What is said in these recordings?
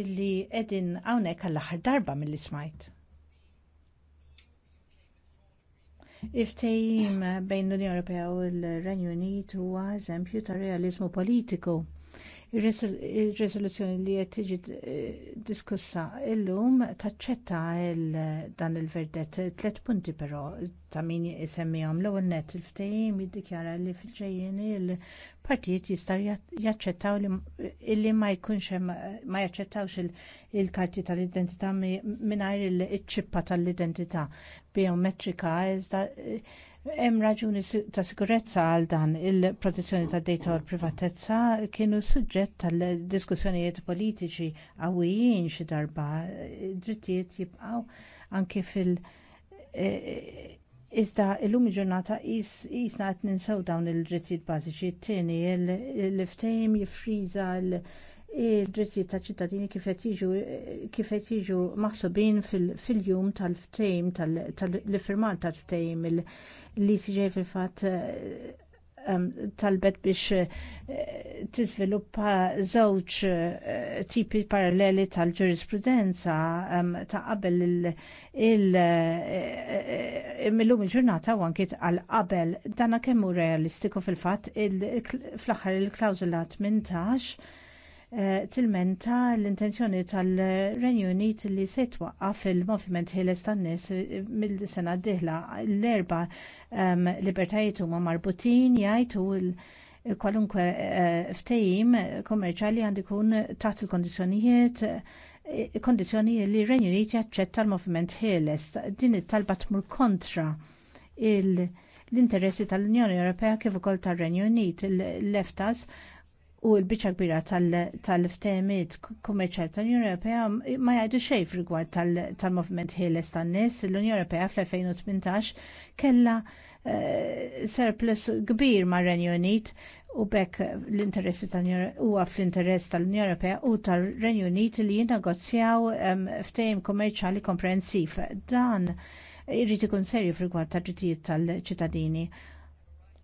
illi edin għawnek għall-aħħar darba mill-li smajt. Iftejim bejn l-Unjoni Ewropea u l-Renju Unit huwa eżempju ta' realizmu politiku Il-resoluzzjoni li qed tiġi eh, diskussa illum taċċetta dan il-verdett tliet punti però ta' min isemmihom l-ewwel nett il-ftehim jiddikjara li fil-ġejjin il-partijiet jistgħu jaċċettaw illi ma jkunx hemm ma jaċċettawx il-karti tal-identità mingħajr il-ċippa tal-identità biometrika iżda eh, Hemm raġuni ta' sigurezza għal dan il-protezzjoni tad dejta u l-privatezza kienu suġġett tal-diskussjonijiet politiċi għawijin xi darba drittijiet jibqgħu anke fil- e, e, Iżda illum il-ġurnata jisna qed ninsew dawn il-drittijiet bażiċi t-tieni l-ftehim jifriża l-, -l, -l, -l, -l, -l, -l, -l, -l id-drittijiet ta' ċittadini kif qed jiġu maħsubin fil-jum tal-ftejm tal-iffirmar tal-ftejm li siġej fil-fatt eh, talbet biex eh, tiżviluppa żewġ eh, tipi paralleli tal-ġurisprudenza ta' qabel il-millum il-ġurnata u anki għal qabel dana kemmu realistiku fil-fatt fl-aħħar il-klawzula 18 Eh, tilmenta l-intenzjoni tal-Renju Unit li se twaqqaf il-moviment ħieles tan-nies eh, mill-sena d-dieħla l-erba ehm, libertajiet huma marbutin jajtu kwalunkwe eh, ftehim kommerċali għandu kun taħt il kondizjonijiet kondizjoni li Renju Unit jaċċetta l-moviment ħieles. Din it-talba tmur kontra l-interessi tal-Unjoni Ewropea kif ukoll tar-Renju Unit l-EFTAS u l-biċa kbira tal-ftemiet kummerċjal tal-Unjoni Ewropea ma jgħidu xejn rigward tal-movement ħieles tan-nies. L-Unjoni Ewropea fl-2018 kellha eh, surplus kbir mar Renju Unit u bekk l-interessi huwa fl-interess tal-Unjoni Ewropea u tal-Renju Unit li jinnegozjaw ftehim kummerċali komprensiv. Dan irrid ikun serju f'rigward tad-drittijiet tal-ċittadini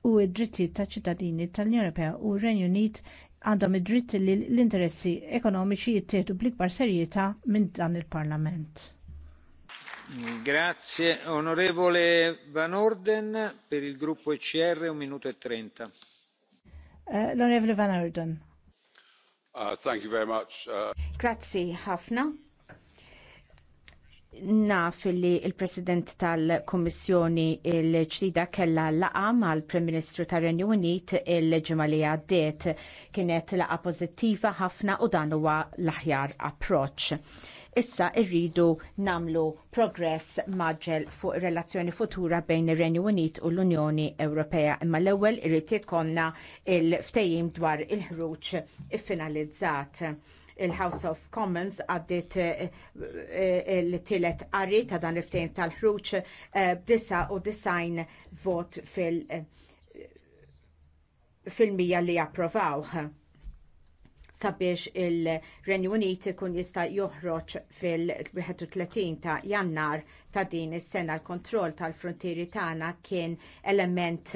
u d-drittijiet taċ ċittadini tal-Unjoni Ewropea u r-Renju Unit għandhom id-dritt li l-interessi ekonomiċi jittieħdu bl-ikbar serjetà minn dan il-Parlament. Grazie onorevole Van Orden per il gruppo ECR un minuto e trenta. Uh, L'onorevole Van Orden. Uh, thank you very much. Uh... Grazie ħafna naf li il-President tal-Kommissjoni il ġdida kella laqa mal prim Ministru tar renju Unit il-ġimgħa li għaddiet kienet laqa pożittiva ħafna u dan huwa l-aħjar approċċ issa rridu nagħmlu progress maġġel fuq ir relazzjoni futura bejn ir-Renju Unit u l-Unjoni Ewropea. Imma l-ewwel irrid jkollna il-ftehim dwar il-ħruġ iffinalizzat. Il il-House of Commons għaddit eh, eh, eh, l-tielet qari ta' dan il-ftehim tal-ħruġ b'disa u design vot fil- fil-mija li approvawh sabiex il-Renju Unit ikun jista' joħroġ fil-31 ta' jannar ta' din is-sena l-kontroll tal-frontieri tagħna kien element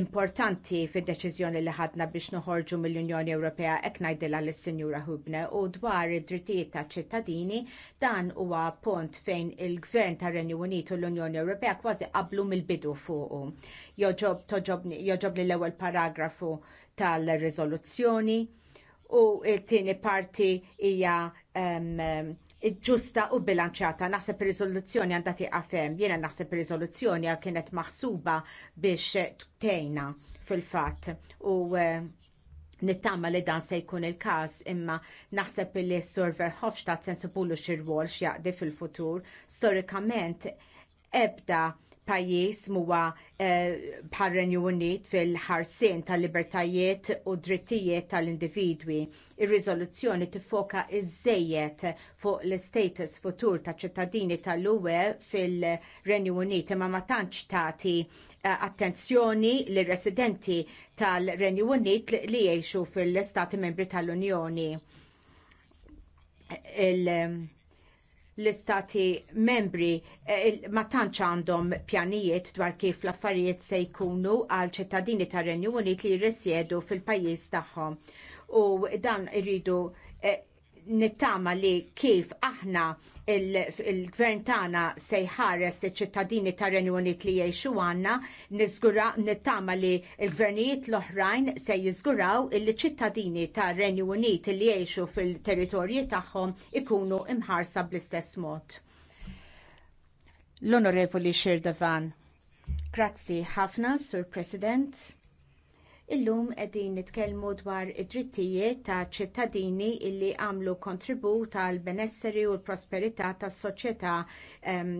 importanti fid-deċiżjoni li ħadna biex noħorġu mill-Unjoni Ewropea hekk ngħidilha lis-Sinjura Hubne u dwar id-drittijiet taċ ċittadini dan huwa punt fejn il-Gvern tar-Renju Unit u l-Unjoni Ewropea kważi qablu mill-bidu fuqu. Joġob li l-ewwel paragrafu tal-riżoluzzjoni u t-tieni parti hija ġusta u bilanċata. Naħseb rizoluzzjoni riżoluzzjoni għandha tiqafem, jiena naħseb rizoluzzjoni għal kienet maħsuba biex tejna fil-fatt. U eh, nittama li dan se jkun il-każ imma naħseb li s-Sur Verhofstadt sensibulu xirwol x'jaqdi fil-futur storikament ebda pajjiż huwa eh, bħal Renju Unit fil-ħarsien tal-libertajiet u drittijiet tal-individwi. Ir-riżoluzzjoni tiffoka iżejjed fuq l-istatus futur ta' ċittadini tal-UE fil-Renju Unit imma ma tantx tagħti eh, attenzjoni lir residenti tal-Renju Unit li jgħixu fil istati membri tal-Unjoni l-istati membri eh, ma tantx għandhom pjanijiet dwar kif l-affarijiet se jkunu għal ċittadini tar-Renju Unit li jirrisjedu fil-pajjiż tagħhom. U dan irridu eh, nittama li kif aħna il-gvern tana tagħna se jħares li ċittadini ta' Unit li jgħixu għandna, nittama li l-gvernijiet l-oħrajn se jiżguraw il ċittadini ta' renjonit li jgħixu fil-territorji tagħhom ikunu imħarsa bl-istess mod. L-Onorevoli Shirdavan. Grazzi ħafna, Sur President. Illum qegħdin nitkellmu dwar id-drittijiet ta' ċittadini illi għamlu kontribut għal benesseri u l-prosperità tas soċjetà ehm,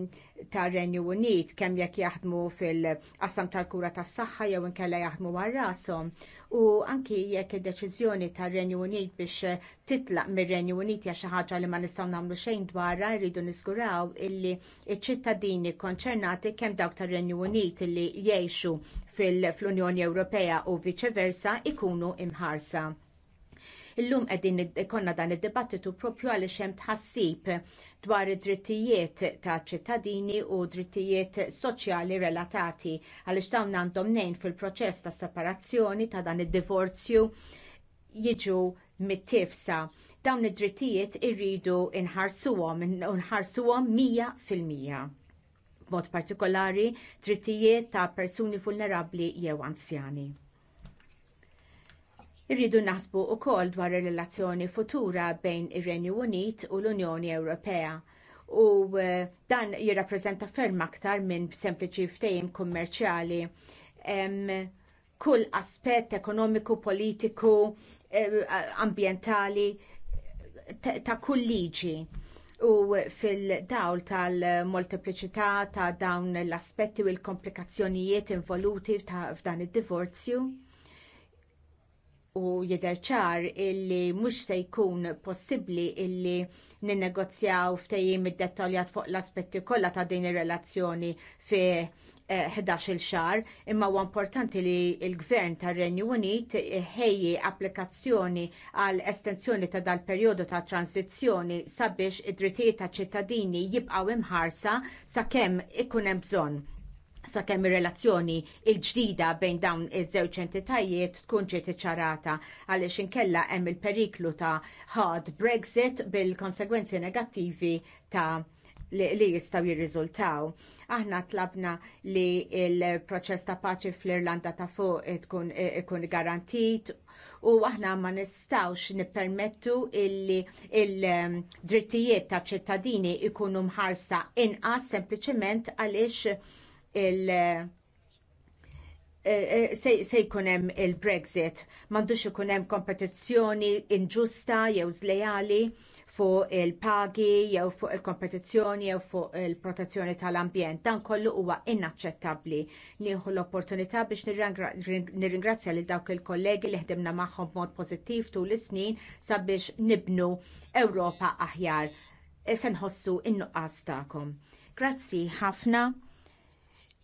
tar Renju Unit kemm jekk jaħdmu fil qasam tal-kura tas-saħħa jew inkella jaħdmu mar rashom u anki jekk id-deċiżjoni tar-Renju Unit biex titlaq mir-Renju Unit hija xi ħaġa li ma nistgħu nagħmlu xejn dwarha jridu niżguraw illi ċ-ċittadini konċernati kemm dawk tar-Renju Unit li jgħixu fil-Unjoni Ewropea u viċi versa ikunu imħarsa. Illum qegħdin konna dan id-dibattitu propju għaliex hemm tħassib dwar id-drittijiet ta' ċittadini u drittijiet soċjali relatati għaliex dawn għandhom nejn fil-proċess ta' separazzjoni ta' dan id-divorzju jiġu mit-tifsa. Dawn id-drittijiet irridu nħarsuhom, nħarsuhom mija fil-mija. B'mod partikolari drittijiet ta' persuni vulnerabbli jew anzjani. Irridu naħsbu wkoll dwar ir relazzjoni futura bejn ir-Renju Unit u l-Unjoni Ewropea. U eh, dan jirrappreżenta ferm aktar minn sempliċi ftejim kummerċjali. Kull aspett ekonomiku, politiku, eh, ambjentali ta' kull liġi u fil-dawl tal-multipliċità ta' dawn l-aspetti u l-komplikazzjonijiet involuti f'dan id-divorzju? u jidher ċar illi mhux se jkun possibbli illi ninnegozjaw ftehim id-dettaljat fuq l-aspetti kollha ta' din ir-relazzjoni fi 11-il eh, xahar, imma huwa importanti li l-Gvern tar-Renju Unit ħejji applikazzjoni għal estensjoni ta' dal-perjodu ta' transizzjoni sabiex id-drittijiet ta' ċittadini jibqgħu imħarsa sakemm ikun hemm bżonn sakemm ir-relazzjoni il-ġdida bejn dawn iż-żewġ entitajiet tkun ġiet iċċarata għaliex inkella hemm il-periklu ta' hard Brexit bil-konsegwenzi negattivi ta' li jistgħu jirriżultaw. Aħna tlabna li l proċess ta' paċi fl-Irlanda ta' fuq ikun garantit u aħna ma nistawx nippermettu illi il-drittijiet ta' ċittadini ikunu mħarsa inqas sempliċement għaliex il- eh, eh, se jkun hemm il-Brexit, m'għandux ikun hemm kompetizzjoni inġusta jew żlejali fuq il-pagi jew fuq il-kompetizzjoni jew fuq il-protezzjoni tal-ambjent. Dan kollu huwa inaċċettabbli. Nieħu l-opportunità biex nirringrazzja lil dawk il-kollegi li ħdimna magħhom b'mod pożittiv tul is-snin sabiex nibnu Ewropa aħjar. E se nħossu in-nuqqas tagħkom. Grazzi ħafna.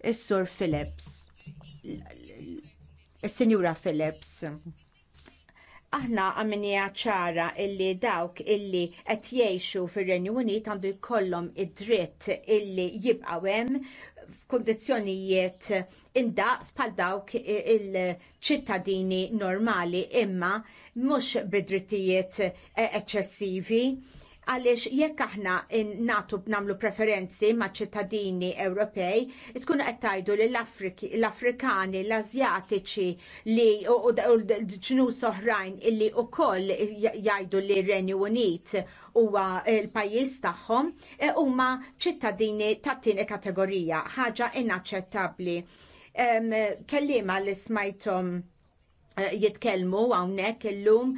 Is-Sur Phillips. Is-Sinjura Phillips. Aħna għamminija ċara illi dawk illi qed jgħixu fir-Renju Unit għandu jkollhom id-dritt illi jibqgħu hemm f'kundizzjonijiet indaqs bħal dawk il-ċittadini normali imma mhux bidrittijiet eċċessivi għaliex jekk aħna natu namlu preferenzi ma' ċittadini Ewropej, tkun qed tgħidu li l-Afrikani, l-Azjatiċi li u ġnu soħrajn illi wkoll jgħidu li Renju Unit huwa l-pajjiż tagħhom e huma ċittadini tat-tieni kategorija, ħaġa inaċċettabbli. Kellima li smajtom Eh, jitkelmu għawnek illum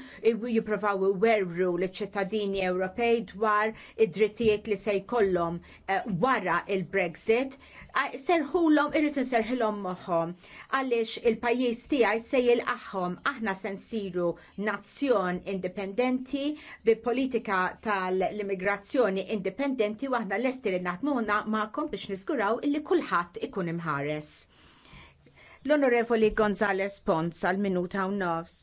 jiprofaw werru l-ċittadini Ewropej dwar id-drittijiet li se jkollhom eh, wara il-Brexit. Ah, serħulhom irrid inserħilhom moħom, għaliex il-pajjiż sej il jilqaħħom aħna se nsiru nazzjon indipendenti bi politika tal-immigrazzjoni indipendenti u aħna lesti li naħdmuna maħkom biex niskuraw illi kulħadd ikun imħares. L-Onorevoli Gonzales Pons għal minuta u nofs.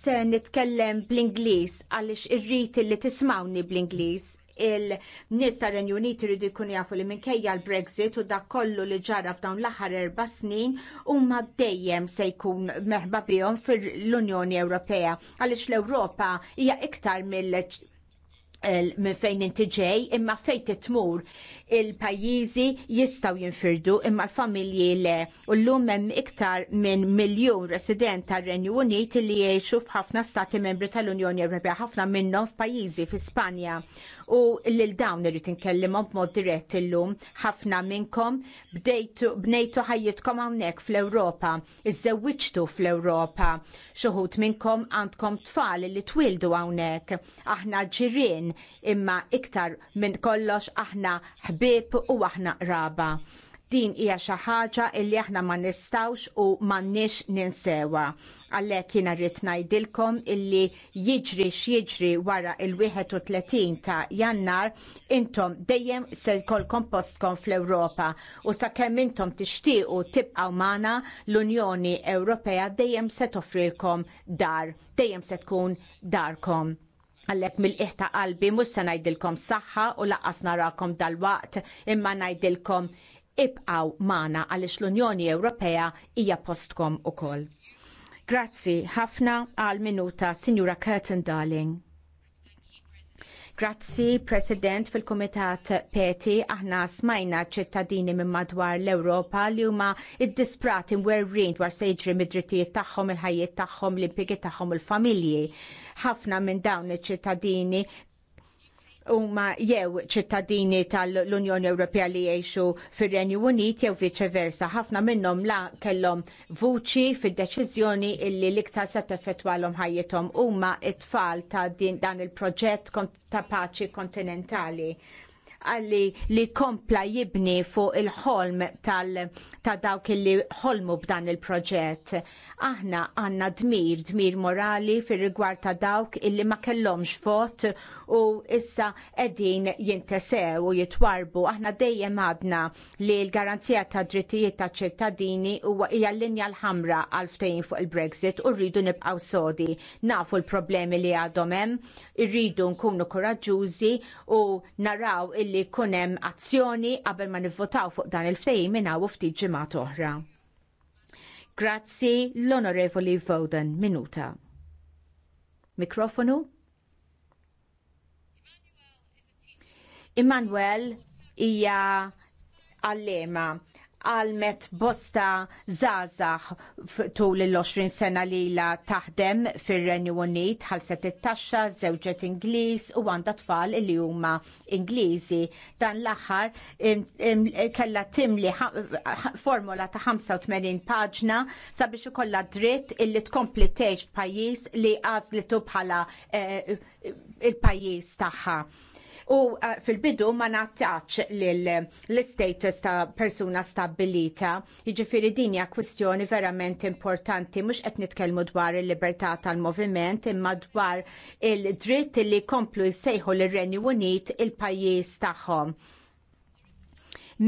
Se nitkellem bl-Inglis għalix irrit li tismawni bl-Inglis il-nis ta' Renju Unit rridu jkun jafu li minkejja l-Brexit u dak kollu li ġara f'dawn l-aħħar erba' snin huma dejjem se jkun meħba bihom fil-Unjoni Ewropea għaliex l-Ewropa hija iktar mill minn fejn inti ġej, imma fejn titmur il-pajjiżi jistgħu jinfirdu imma l-familji le u llum hemm iktar minn miljun resident tar-Renju Unit li jgħixu f'ħafna stati membri tal-Unjoni Ewropea, ħafna minnhom f'pajjiżi f'Ispanja. U lil dawn irid inkellimhom b'mod dirett illum ħafna minnkom bdejtu bnejtu ħajjitkom hawnhekk fl-Ewropa, iżewwiġtu fl-Ewropa. Xi wħud minnkom għandkom tfal li twildu hawnhekk. Aħna ġirien imma iktar minn kollox aħna ħbieb u aħna raba. Din hija xi ħaġa li aħna ma nistawx u m'għandniex ninsewa. Għalhekk jiena rrid ngħidilkom illi jiġri x'jiġri wara il-31 ta' Jannar intom dejjem se jkollkom postkom fl-Ewropa u sakemm intom tixtiequ tibqgħu magħna l-Unjoni Ewropea dejjem se toffrilkom dar, dejjem se tkun darkom għallek mill-iħta qalbi mhux se ngħidilkom saħħa u laqqas narakom dal-waqt imma ngħidilkom ibqaw mana għaliex l-Unjoni Ewropea hija postkom ukoll. Grazzi ħafna għal minuta Sinjura Curtin Darling. Grazzi, President, fil-Komitat Peti, aħna smajna ċittadini minn madwar l-Europa li huma id-disprati mwerrin dwar se jiġri mid-drittijiet tagħhom, il-ħajjiet tagħhom, l-impjiegi tagħhom, il-familji. Ħafna minn dawn iċ-ċittadini huma jew ċittadini tal-Unjoni Ewropea li jgħixu fir-Renju Unit jew versa. Ħafna minnhom la kellhom vuċi fid-deċiżjoni illi l-iktar se teffettwalhom ħajjithom huma t tfal ta' din dan il-proġett ta' paċi kontinentali għalli li kompla jibni fuq il-ħolm ta' dawk li ħolmu b'dan il-proġett. Aħna għanna dmir, dmir morali fir rigward ta' dawk illi ma kellhomx vot u issa edin jintesew u jitwarbu. Aħna dejjem għadna li l-garanzija ta' drittijiet ta' ċittadini huwa hija l-linja l-ħamra għal ftehim fuq il-Brexit u rridu nibqgħu sodi. Nafu l-problemi li għadhom hemm, irridu nkunu koraġġużi u naraw il li kunem azzjoni qabel ma nivvotaw fuq dan il-ftejim minna u ftit ġimgħat oħra. Grazzi l-Onorevoli Voden minuta. Mikrofonu? Immanuel hija għallema għalmet bosta zazax tul l 20 sena li la taħdem fir-Renju Unit ħalset it-taxxa żewġet Ingliż u għandha tfal li huma Ingliżi. Dan l-aħħar kellha timli formula ta' 85 paġna sabiex ikollha dritt illi tkompli tgħix f'pajjiż li għażlitu bħala eh, il-pajjiż tagħha u eh, fil-bidu ma nattaċ l-status ta' persuna stabilita. Jiġifieri din hija kwistjoni verament importanti mhux qed nitkellmu dwar il-libertà tal-moviment imma dwar il-dritt li komplu jsejħu l renju Unit il-pajjiż tagħhom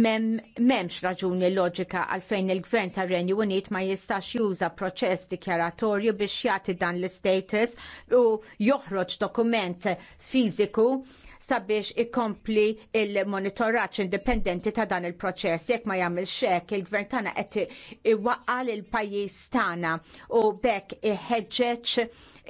mem, memx raġuni loġika għalfejn il-gvern tar Renju Unit ma jistax juża proċess dikjaratorju biex jagħti dan l istatus u joħroġ dokument fiżiku sabiex ikompli il-monitoraċ indipendenti ta' dan il-proċess. Jekk ma jagħmel xek, il-gvern tagħna qed iwaqqal il-pajjiż tagħna u bekk iħeġġeġ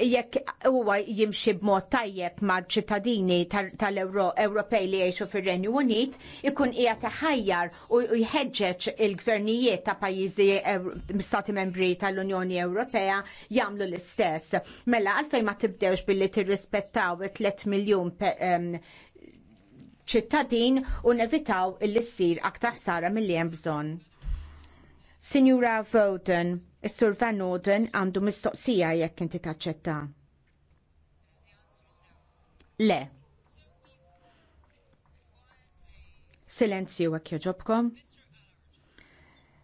jekk huwa jimxi b'mod tajjeb ma' ċittadini tal-Ewropej li jgħixu fir-Renju Unit, ikun hija taħajjar u jħeġġeġ il-gvernijiet ta' pajjiżi stati membri tal-Unjoni Ewropea jagħmlu l-istess. Mela għalfejn ma tibdewx billi tirrispettaw 3 miljun ċittadin u nevitaw il issir aktar sara mill-li hemm bżonn. Signora Vowden. Is-Sur Van Noden għandu mistoqsija jekk inti taċċetta. Le. Silenzju għak joġobkom.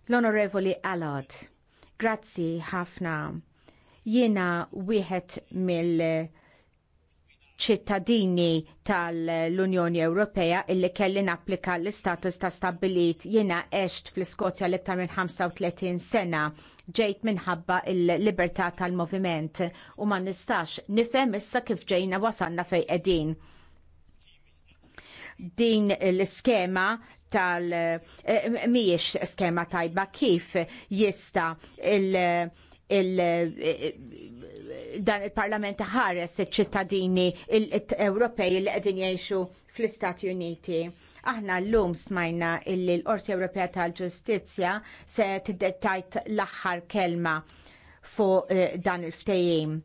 L-Onorevoli Allard, grazzi ħafna. Jiena wieħed mill- ċittadini tal-Unjoni Ewropea illi kelli napplika l-istatus ta' stabbilit jiena eċt fl-Skotja l-iktar minn 35 sena ġejt minħabba il-libertà tal-moviment u ma nistax nifhem issa kif ġejna wasanna fejn qegħdin. Din l-iskema tal eh, miex skema tajba kif jista il- il- dan il-Parlament ħares il ċittadini Ewropej li qegħdin jgħixu fl-Istati Uniti. Aħna llum smajna illi l-Qorti Ewropea tal-Ġustizzja se tiddettajt l-aħħar kelma fuq eh, dan il ftejim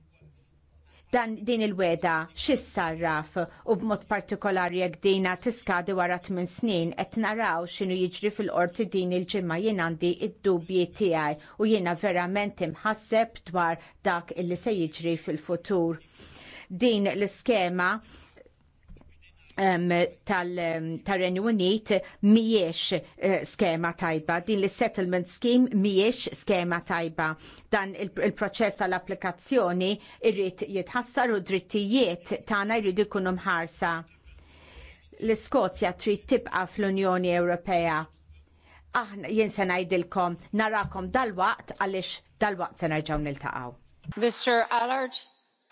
dan din il-weda xissarraf u b'mod partikolari jekk dina tiskadi wara 8 snin qed naraw x'inhu jiġri fil-qorti din il-ġimma jien għandi id-dubji tiegħi u jiena verament imħasseb dwar dak illi se jiġri fil-futur. Din l-iskema tal-Renju Unit miex eh, skema tajba. Din l settlement scheme miex skema tajba. Dan il-proċess għall applikazzjoni irrit jitħassar u drittijiet tagħna jridu jkunu mħarsa. L-Iskozja trid tibqa fl-Unjoni Ewropea. Aħna jien se ngħidilkom narakom dalwaqt għaliex dalwaqt se nerġgħu niltaqgħu. Mr. Allard.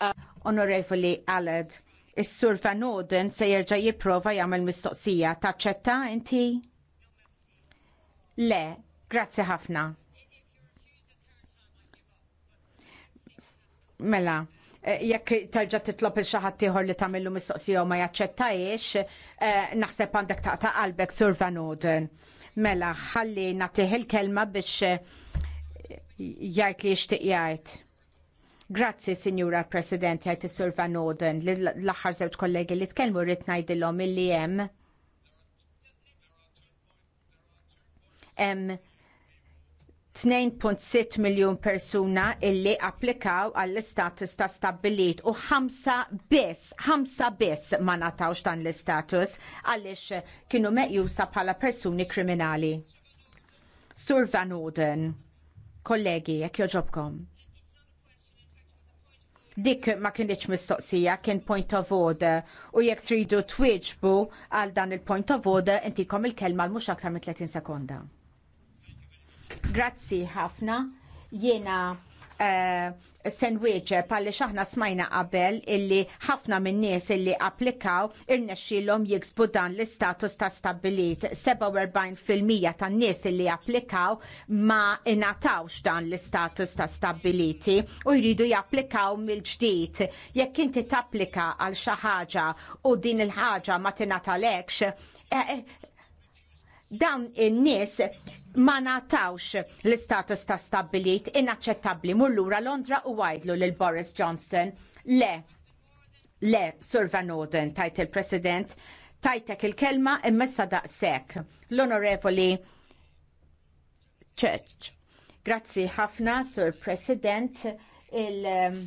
Uh Onorevoli Allard Is-Sur Van Oden se jerġa' jipprova jagħmel mistoqsija. Taċċetta inti? Le, grazzi ħafna. Mela, eh, jekk terġa' titlob il xi ħadd ieħor li tagħmel mistoqsija u ma jaċċettajiex, eh, naħseb għandek taqta' qalbek Sur Van Oden. Mela, ħalli nagħtih il-kelma biex eh, jgħid li jixtieq jgħid. Grazzi, Signora President, għajt Sur Van Oden, l-axar zewġ kollegi li tkellmu rrid ngħidilhom illi hemm. Hemm 2.6 miljun persuna illi applikaw għall-istatus ta' stabbilit u 5 biss, 5 biss ma natawx dan l-istatus għaliex kienu meqjusa bħala persuni kriminali. Sur Van Oden, kollegi, jekk joġobkom. Dik ma kienieċ mistoqsija, kien point of order. U jekk tridu twieġbu għal dan il-point of order, intikom il-kelma l-mux aktar minn 30 sekonda. Grazzi ħafna. Jena Eh, sandwich palli xaħna smajna qabel illi ħafna minn nies illi applikaw irnexxilhom jiksbu dan l-istatus ta' stabbilit. 47% tan nies illi applikaw ma inatawx dan l-istatus ta' stabiliti u jridu japplikaw mill-ġdid. Jekk inti tapplika għal xi ħaġa u din il-ħaġa ma tingħatalekx, eh, eh, dawn in-nies ma natawx l-istatus ta' stabbilit inaċċettabbli mullura Londra u għajdlu lil Boris Johnson. Le, le, Sur Van Oden, tajt il-President, tajtek il-kelma immessa daqsek. L-Onorevoli Church. Grazzi ħafna, Sur President, il- um,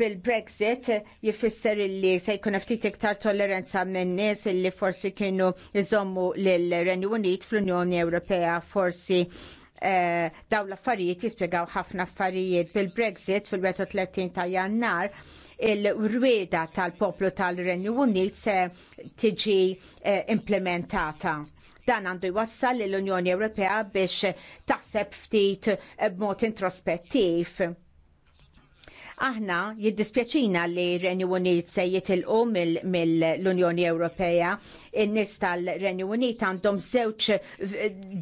bil-Brexit jifisser li se jkun ftit iktar tolleranza minn nies li forsi kienu jżommu lill-Renju Unit fl-Unjoni Ewropea forsi eh, daw l-affarijiet jispjegaw ħafna affarijiet bil-Brexit fil-31 ta' jannar il-rweda tal-poplu tal-Renju Unit se tiġi eh, implementata dan għandu jwassal l-Unjoni Ewropea biex taħseb ftit eh, b'mod introspettiv Aħna jiddispjaċina li Renju Unit se jitilqu mill-Unjoni mil Ewropea. In-nies tal-Renju Unit għandhom żewġ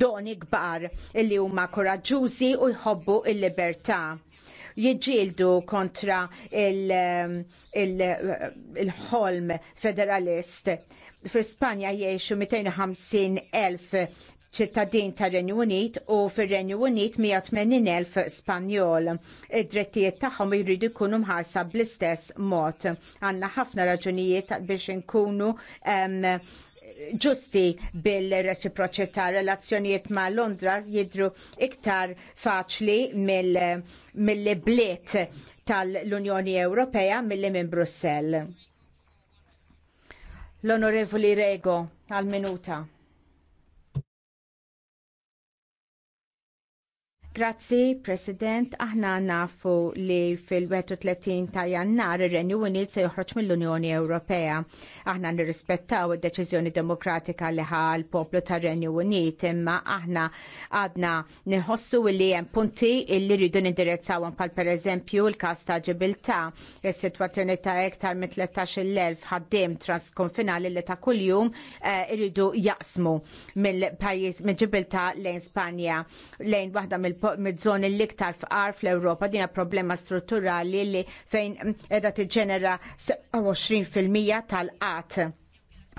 doni kbar li huma koraġġużi u jħobbu l-libertà jiġġieldu kontra il-ħolm il, il federalist. Fi Spanja jiexu 250 elf ċittadin ta' Renju Unit u fir renju Unit 180.000 Spanjol. Id-drettijiet tagħhom jridu jkunu mħarsa bl-istess mod. Għandna ħafna raġunijiet biex inkunu ġusti bil-reciproċità relazzjonijiet ma' Londra jidru iktar faċli mill-bliet tal-Unjoni Ewropea milli minn Brussell. L-Onorevoli Rego, għal-minuta. Grazzi, President, aħna nafu li fil-31 ta' jannar ir-Renju Unit se joħroġ mill-Unjoni Ewropea. Aħna nirrispettaw id-deċiżjoni demokratika li ħal poplu ta' Renju Unit, imma aħna għadna nħossu li hemm punti illi rridu nindirizzawhom pal pereżempju l-każ ta' ġibilta, is-sitwazzjoni ta' iktar minn 13,000 ħaddiem transkonfinali li ta' kuljum eh, irridu jaqsmu mill-pajjiż minn ġibilta lejn Spanja lejn waħda mill mid-żoni l-iktar fqar fl-Ewropa dina problema strutturali li fejn edha tiġġenera 20% tal-qat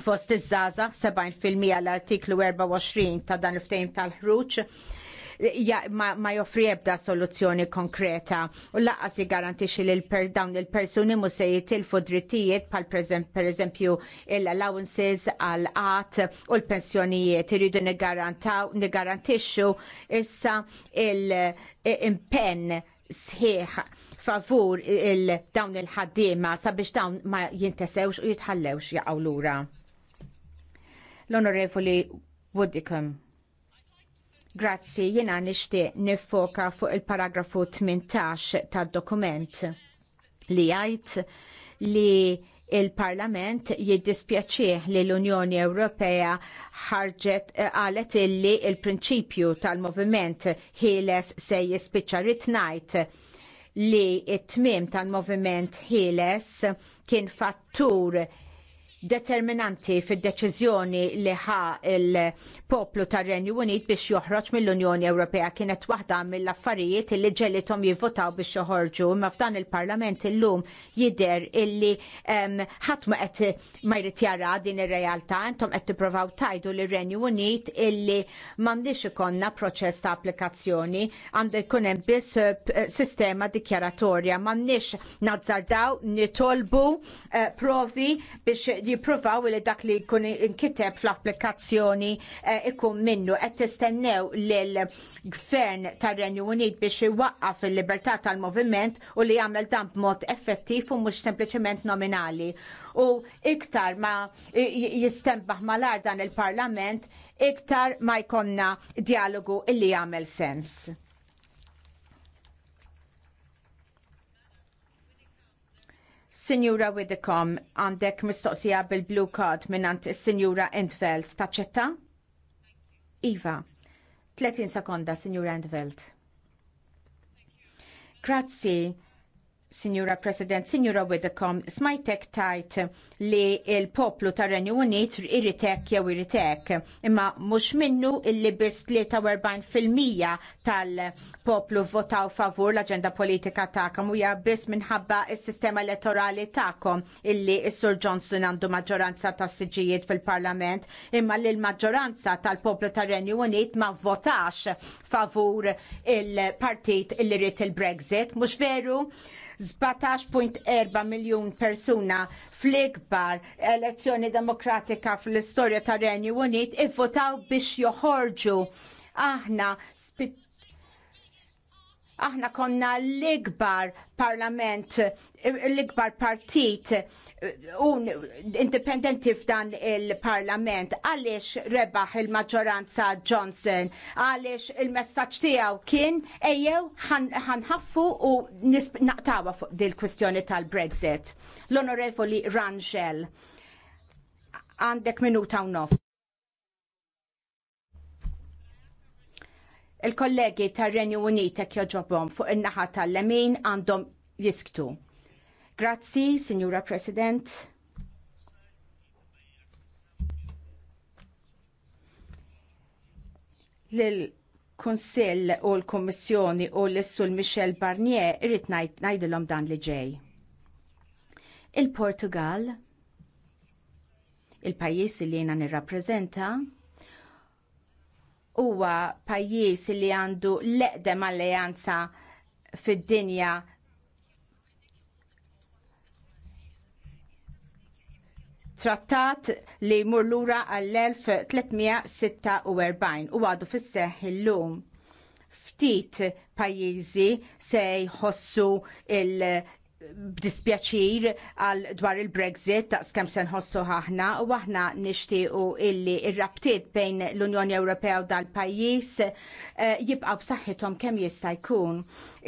fost iż-żaza 70% l-artiklu 24 ta' dan il-ftejm tal-ħruġ ma joffri ebda soluzzjoni konkreta u laqqas jgarantixi li dawn il-persuni mhux se jitilfu drittijiet bħal eżempju l-allowances għal qat u l-pensjonijiet iridu nigarantixxu issa il-impenn sħiħ favur il-dawn il-ħaddiema sabiex dawn ma jintesewx u jitħallewx jaqgħu lura. L-Onorevoli Woodicum. Grazzi, jena nishti nifoka fuq il-paragrafu 18 tad-dokument li jgħid li il-Parlament jiddispjaċih li l-Unjoni Ewropea ħarġet eh, qalet illi il-prinċipju tal-moviment Hiles se jispiċċa ritnajt li t tmiem tal-moviment ħieles kien fattur determinanti fid-deċiżjoni li ħa il-poplu tar-Renju Unit biex joħroġ mill-Unjoni Ewropea kienet waħda mill-affarijiet li ġelithom jivvotaw biex joħorġu imma f'dan il-Parlament illum jidher illi ħadd ma qed ma jrid jara din ir-realtà intom qed tippruvaw tajdu lir renju Unit illi m'għandix ikonna proċess ta' applikazzjoni għandu jkun hemm biss eh, sistema dikjaratorja m'għandniex nazzardaw nitolbu eh, provi biex jippruvaw li dak li jkun inkiteb fl-applikazzjoni eh, ikun minnu qed tistennew lill gvern tar-Renju Unit biex iwaqqaf il-libertà tal-moviment u li jagħmel dan b'mod effettiv u mhux sempliċement nominali. U iktar ma jistembaħ malar dan il-Parlament, iktar ma jkonna dialogu illi jagħmel sens. Sinjura Widdicom, għandek mistoqsija bil-Blue Card minnant Sinjura Entveld. Taċċetta? Iva, 30 sekonda, Sinjura Entveld. Grazzi Signora President, Signora Widdecom, smajtek tajt li il-poplu tar renju Unit irritek jew irritek, imma mhux minnu illi biss 43% tal-poplu votaw favur l aġenda politika tagħkom u biss minħabba s sistema elettorali tagħkom illi s-Sur Johnson għandu maġġoranza ta' siġijiet fil-Parlament, imma li l-maġġoranza tal-poplu tar renju Unit ma votax favur il-partit illi rrit il-Brexit, mux veru? 17.4 miljun persuna fl-ikbar elezzjoni demokratika fl-istorja tar Renju Unit ivvotaw biex joħorġu aħna spit aħna konna l-ikbar parlament, l-ikbar partit un indipendenti f'dan il-parlament. Għaliex rebaħ il-maġġoranza Johnson? Għaliex il messagġ tiegħu kien ejjew ħanħaffu u naqtawa fuq dil-kwistjoni tal-Brexit. L-Onorevoli Rangel, għandek minuta u nofs. Il-kollegi tar-Renju Unit hekk joġobhom fuq in-naħa tal-lemin għandhom jisktu. Grazzi, Signora President. Lil Kunsill u l-Kommissjoni u l-Issul Michel Barnier irrit najdilom dan li ġej. Il-Portugal, il-pajis li jena nirrapprezenta, huwa pajjiż li għandu l-eqdem alleanza fid-dinja trattat li jmur lura għall-1346 u għadu fis-seħħ illum. Ftit pajjiżi se jħossu il- b'dispjaċir għal dwar il-Brexit ta' skem nħossu ħahna u aħna nixtiequ illi ir-rabtiet bejn l-Unjoni Ewropea u dal-pajjiż eh, jibqgħu b'saħħithom kemm jista' jkun.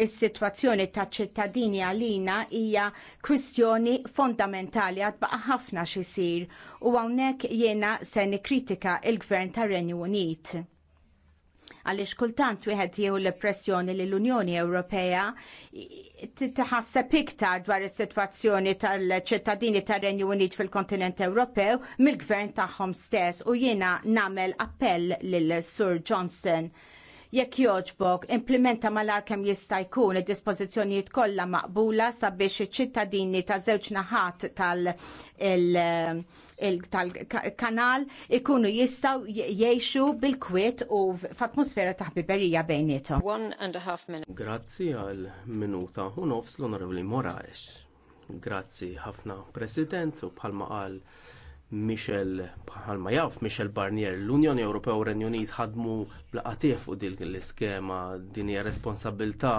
Is-sitwazzjoni taċ ċittadini għalina hija kwistjoni fondamentali għad baqa' ħafna xisir u hawnhekk jiena se nikkritika l gvern tar-Renju Unit għaliex kultant wieħed jieħu l-pressjoni li l-Unjoni Ewropea titħasseb iktar dwar is-sitwazzjoni tal-ċittadini tar-Renju Unit fil-kontinent Ewropew mill-gvern tagħhom stess u jiena nagħmel appell lil Sur Johnson Jekk jogħġbok, implementa malar kemm jista' jkun id-dispożizzjonijiet kollha maqbula sabiex iċ-ċittadini ta' żewġ naħat tal- tal-kanal ikunu jistaw jiexu bil kwiet u f'atmosfera ta' ħbiberija bejnietom. One and a half minute. Grazzi għal minuta u nofs l-Onorevoli Moraes. Grazzi ħafna President u bħalma qal Michel bħal ma jaf Michel Barnier l-Unjoni Ewropea u Renju Unit ħadmu blaqatif u din l-iskema din hija responsabilità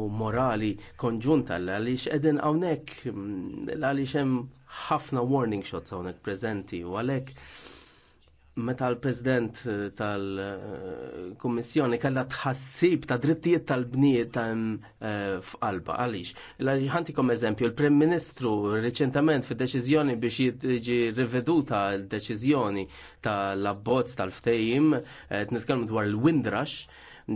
u morali konġunta għaliex qegħdin hawnhekk għaliex hemm ħafna warning shots hawnhekk prezenti u għalhekk meta l-President eh, tal-Kummissjoni kellha tħassib ta' drittijiet tal-bniet ta' eh, f'qalba. Għaliex, ħantikom eżempju, l prim Ministru reċentament fid-deċiżjoni biex jiġi riveduta l-deċiżjoni tal-abbozz tal-ftejim, eh, nitkellmu dwar il-Windrush,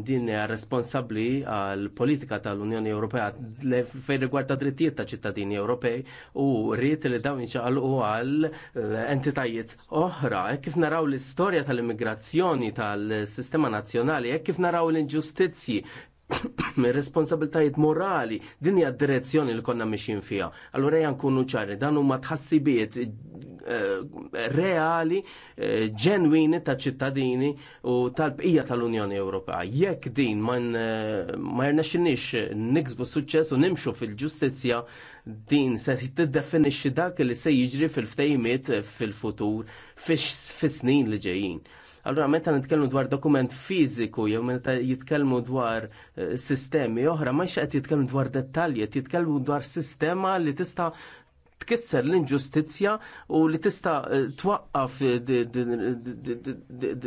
din hija responsabbli għal politika tal-Unjoni Ewropea fejn rigward ta' drittijiet ta' ċittadini Ewropej u rrit li dawn jiċaqalqu għal eh, entitajiet oħra. Hekk kif naraw l-istorja tal-immigrazzjoni tal-sistema nazzjonali, hekk kif naraw l-inġustizzji responsabiltajiet morali, din hija d-direzzjoni li konna mixin fiha. Allura jankunu ċari, dan huma tħassibiet Eh, reali, eh, ġenwini ta' ċittadini u tal-bqija tal-Unjoni Ewropea. Jekk din ma jirnexxinix niksbu suċċess u nimxu fil-ġustizzja, din se tiddefinixxi dak li se jiġri fil-ftejmiet fil-futur fil snin li ġejjin. Allora, meta nitkellmu dwar dokument fiziku jew meta jitkellmu dwar eh, sistemi oħra, ma qed jitkellmu dwar dettalji, jitkellmu dwar sistema li tista' tkisser l-inġustizzja u li tista' twaqqaf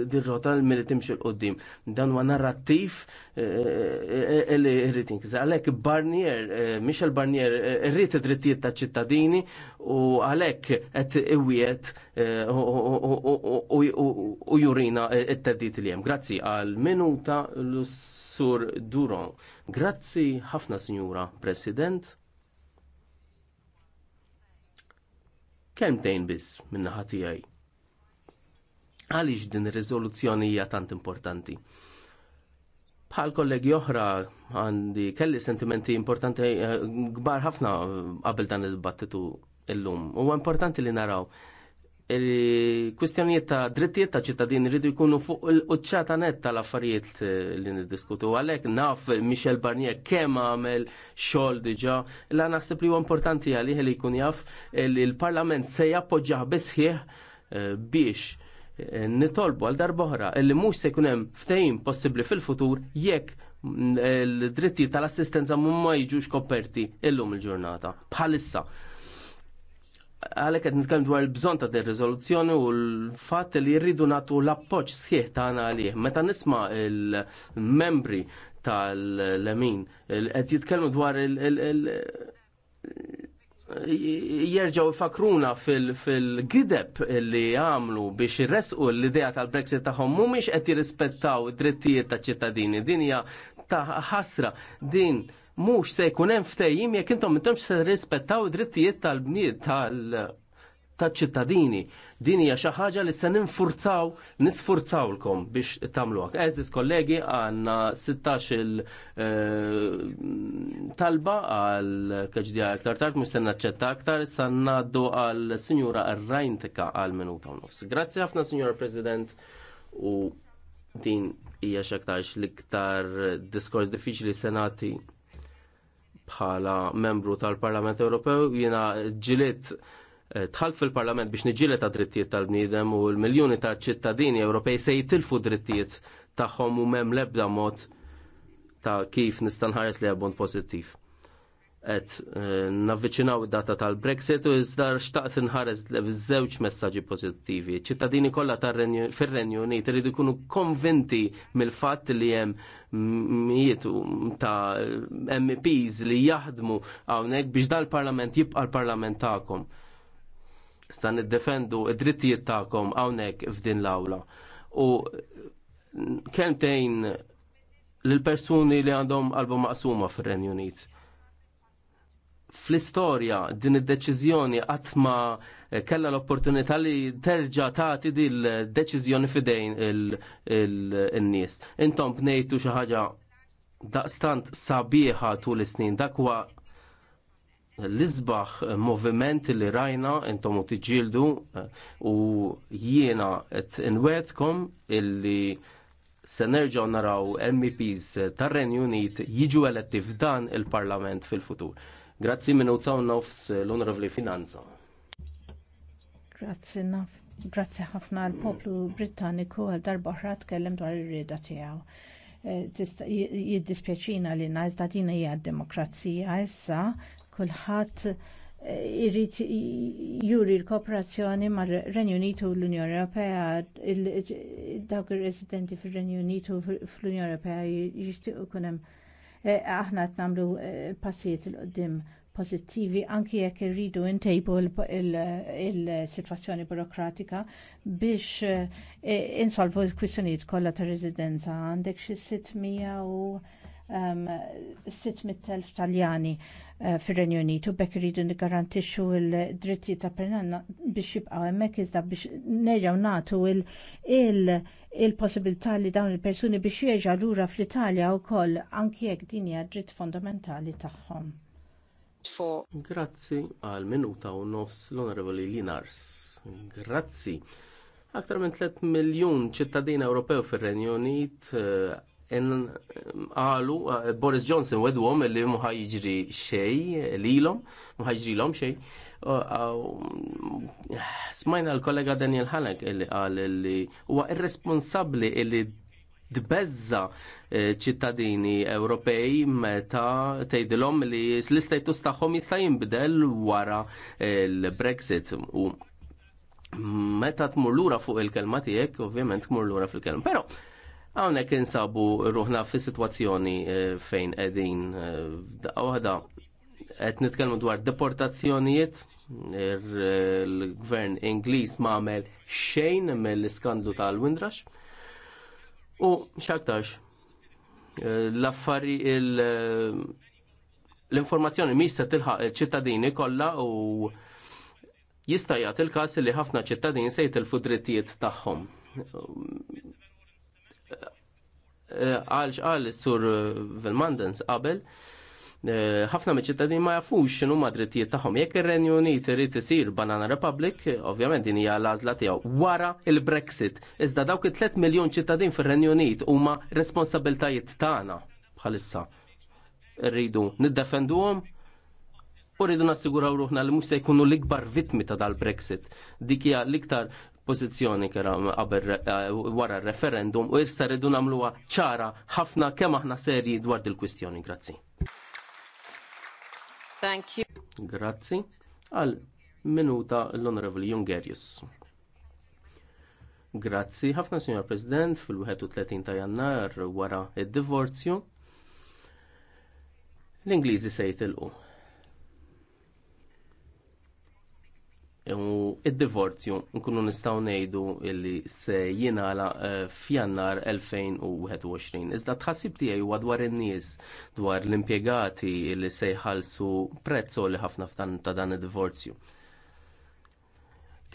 dir-rota mill timxi l qoddim Dan huwa narrattiv li rrid jinkiża. Għalhekk Barnier, Michel Barnier, rrid id-drittijiet ta' ċittadini u għalhekk qed iwiet u jurina t-teddit li hemm. Grazzi għal minuta l-Sur Duron. Grazzi ħafna, Sinjura President. tejn biss minna naħa tiegħi. Għaliex din ir-riżoluzzjoni hija tant importanti? bħal kollegi oħra għandi kelli sentimenti importanti kbar eh, ħafna qabel dan il battitu illum. U importanti li naraw il-kwistjonijiet ta' drittijiet ta' ċittadini rridu jkunu fuq il-qċata net tal-affarijiet eh, li niddiskutu għalek naf Michel Barnier kemm għamel xogħol diġà la naħseb li huwa importanti għalli li jkun jaf li l-Parlament se jappoġġjah bisħieħ eh, biex eh, nitolbu għal darboħra li mhux se jkun hemm ftehim possibbli fil-futur jekk mm, l-drittijiet tal-assistenza ma jiġux koperti illum il-ġurnata bħalissa għalek għed nitkellem dwar il-bżon ta' dir-riżoluzzjoni u l-fatt li rridu nagħtu l-appoġġ sħiħ tagħna għalih. Meta nisma' il-membri tal-lemin qed jitkellmu dwar il- jerġaw fakruna fil-gideb li għamlu biex irresqu l-idea tal-Brexit tagħhom mhumiex qed jirrispettaw id-drittijiet taċ ċittadini. Din hija ta' ħasra. Din mhux se jkun hemm ftehim jekk intom intomx se rispettaw tal-bniet tal bniet tal ċittadini Din hija xi ħaġa li se ninfurzaw, nisfurzawlkom biex tagħmluha. Eżis kollegi għandna 16 il eh, talba għal keġdija aktar tard mhux se naċċetta aktar issa ngħaddu għal Sinjura Rajntika għal minuta u nofs. Grazzi ħafna Sinjura President u din hija x'aktarx l-iktar diskors diffiċli senati bħala membru tal-Parlament Ewropew jiena ġiliet eh, tħall fil-Parlament biex nġilet ta' drittijiet tal-bniedem u l-miljoni ta' ċittadini Ewropej se jitilfu drittijiet tagħhom u mem lebda mod ta' kif nista' nħares li għabbon pożittiv qed eh, navviċinaw id-data tal-Brexit u iżda xtaqt inħares żewġ messaġġi pożittivi. ċittadini kollha fir-Renju Unit irid ikunu konvinti mill-fatt li hemm mijiet ta' MPs li jaħdmu hawnhekk biex dal-Parlament jibqa' l-Parlament tagħkom. Sta niddefendu id-drittijiet tagħkom hawnhekk f'din l-awla. U kemm tgħin lill persuni li għandhom qalbu maqsuma fir-Renju Unit fl-istorja din id-deċiżjoni qatt ma kellha l-opportunità li terġa' tagħti din il-deċiżjoni f'idejn in-nies. Intom bnejtu xi ħaġa daqstant sabiħa tul is-snin dakwa l-izbaħ moviment li rajna intom u tiġildu u jiena qed inwedkom illi se nerġgħu naraw MEPs tar-Renju Unit jiġu eletti f'dan il-Parlament fil-futur. Grazzi minn u nofs l-Onorevli Finanza. Grazzi naf. Grazzi ħafna għal poplu Britanniku għal darba ħrat tkellem dwar ir reda tiegħu. Eh, jiddispjaċina li najda din hija d-demokrazija issa kulħadd eh, irrit juri l-kooperazzjoni ma' Renju Unitu u l-Unjoni Ewropea dawk ir-residenti fil renju Unitu fl-Unjoni Ewropea jixtiequ kunem hemm Eh, aħna qed nagħmlu eh, passijiet il qudiem pożittivi anki jekk irridu ntejbu il-sitwazzjoni burokratika biex eh, insolvu l-kwistjonijiet kollha ta' residenza għandek xi 600 u 600,000 ehm, Taljani Eh, fir-Renju Unitu bekk iridu nigarantixxu l-dritti ta' prenanna biex jibqaw hemmhekk iżda biex nerġgħu nagħtu il-possibilità li dawn il-persuni biex l lura fl-Italja wkoll anki jekk din hija dritt fondamentali tagħhom. Grazzi għal minuta u nofs l-Onorevoli Linars. Grazzi. Aktar minn 3 miljun ċittadin Ewropew fir-Renju Unit eh, għalu eh, Boris Johnson wedwom li muħaj jġri xej lilom, muħajġri jġri lom xej. Smajna l-kollega Daniel Hanek eh, li għal li huwa irresponsabli li dbezza eh, ċittadini Ewropej meta tejdilom li l-istatus tagħhom jista' jinbidel wara l-Brexit u meta tmur lura fuq il-kelma tiegħek, ovvjament tmur lura fil-kelma. Però Għawnek insabu ruħna fi situazzjoni eh, fejn edin eh, daqqa qed nitkellmu dwar deportazzjonijiet il-gvern er, eh, Ingliż m'għamel xejn mill-iskandlu tal-Windrush u xaktax. l-affari l-informazzjoni mis se tilħaq ċittadini kollha u jista' jagħti il-każ li ħafna ċittadini se jitilfu drittijiet tagħhom għal xqal sur Vilmandens qabel, eh, ħafna me ċittadini ma jafux xinu madrittijiet tagħhom. Jekk ir-Renju Unit irid isir Banana Republic, ovvjament din hija l-għażla tiegħu wara il-Brexit. Iżda dawk it-3 miljun ċittadin fir-Renju Unit huma responsabiltajiet tagħna bħalissa. Rridu niddefenduhom u rridu nassiguraw ruħna li mhux se jkunu l-ikbar vittmi ta' dal-Brexit. Dik hija l-iktar pożizzjoni kera qabel eh, wara referendum u issa rridu nagħmluha ċara ħafna kemm aħna serji dwar dil-kwistjoni. Grazzi. Thank you. Grazzi. Għal minuta l-Onorevoli Jungerius. Grazzi ħafna, Signor President, fil-31 ta' jannar wara id-divorzju. L-Ingliżi se u u id-divorzju nkunu nistgħu ngħidu li se jingħala eh, f'jannar 2021. Iżda tħassib tiegħi huwa dwar in-nies dwar l-impjegati li se jħallsu prezz li ħafna ta' dan id-divorzju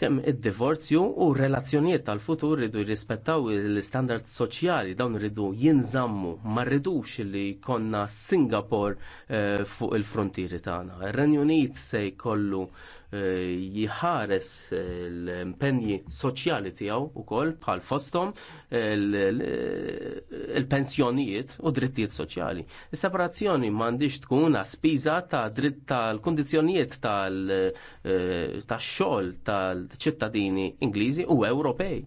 kemm id-divorzju u relazzjonijiet tal-futur ridu jirrispettaw l-standard soċjali dawn ridu jinżammu ma rridux li konna Singapore eh, fuq il-frontieri tagħna. Ir-Renju Unit se jkollu eh, jħares eh, l-impenji soċjali tiegħu ukoll bħal fosthom il-pensjonijiet u drittijiet soċjali. Is-separazzjoni m'għandix tkun għaspiża ta' dritt tal-kundizzjonijiet tal-xogħol tal ċittadini Ingliżi u Ewropej.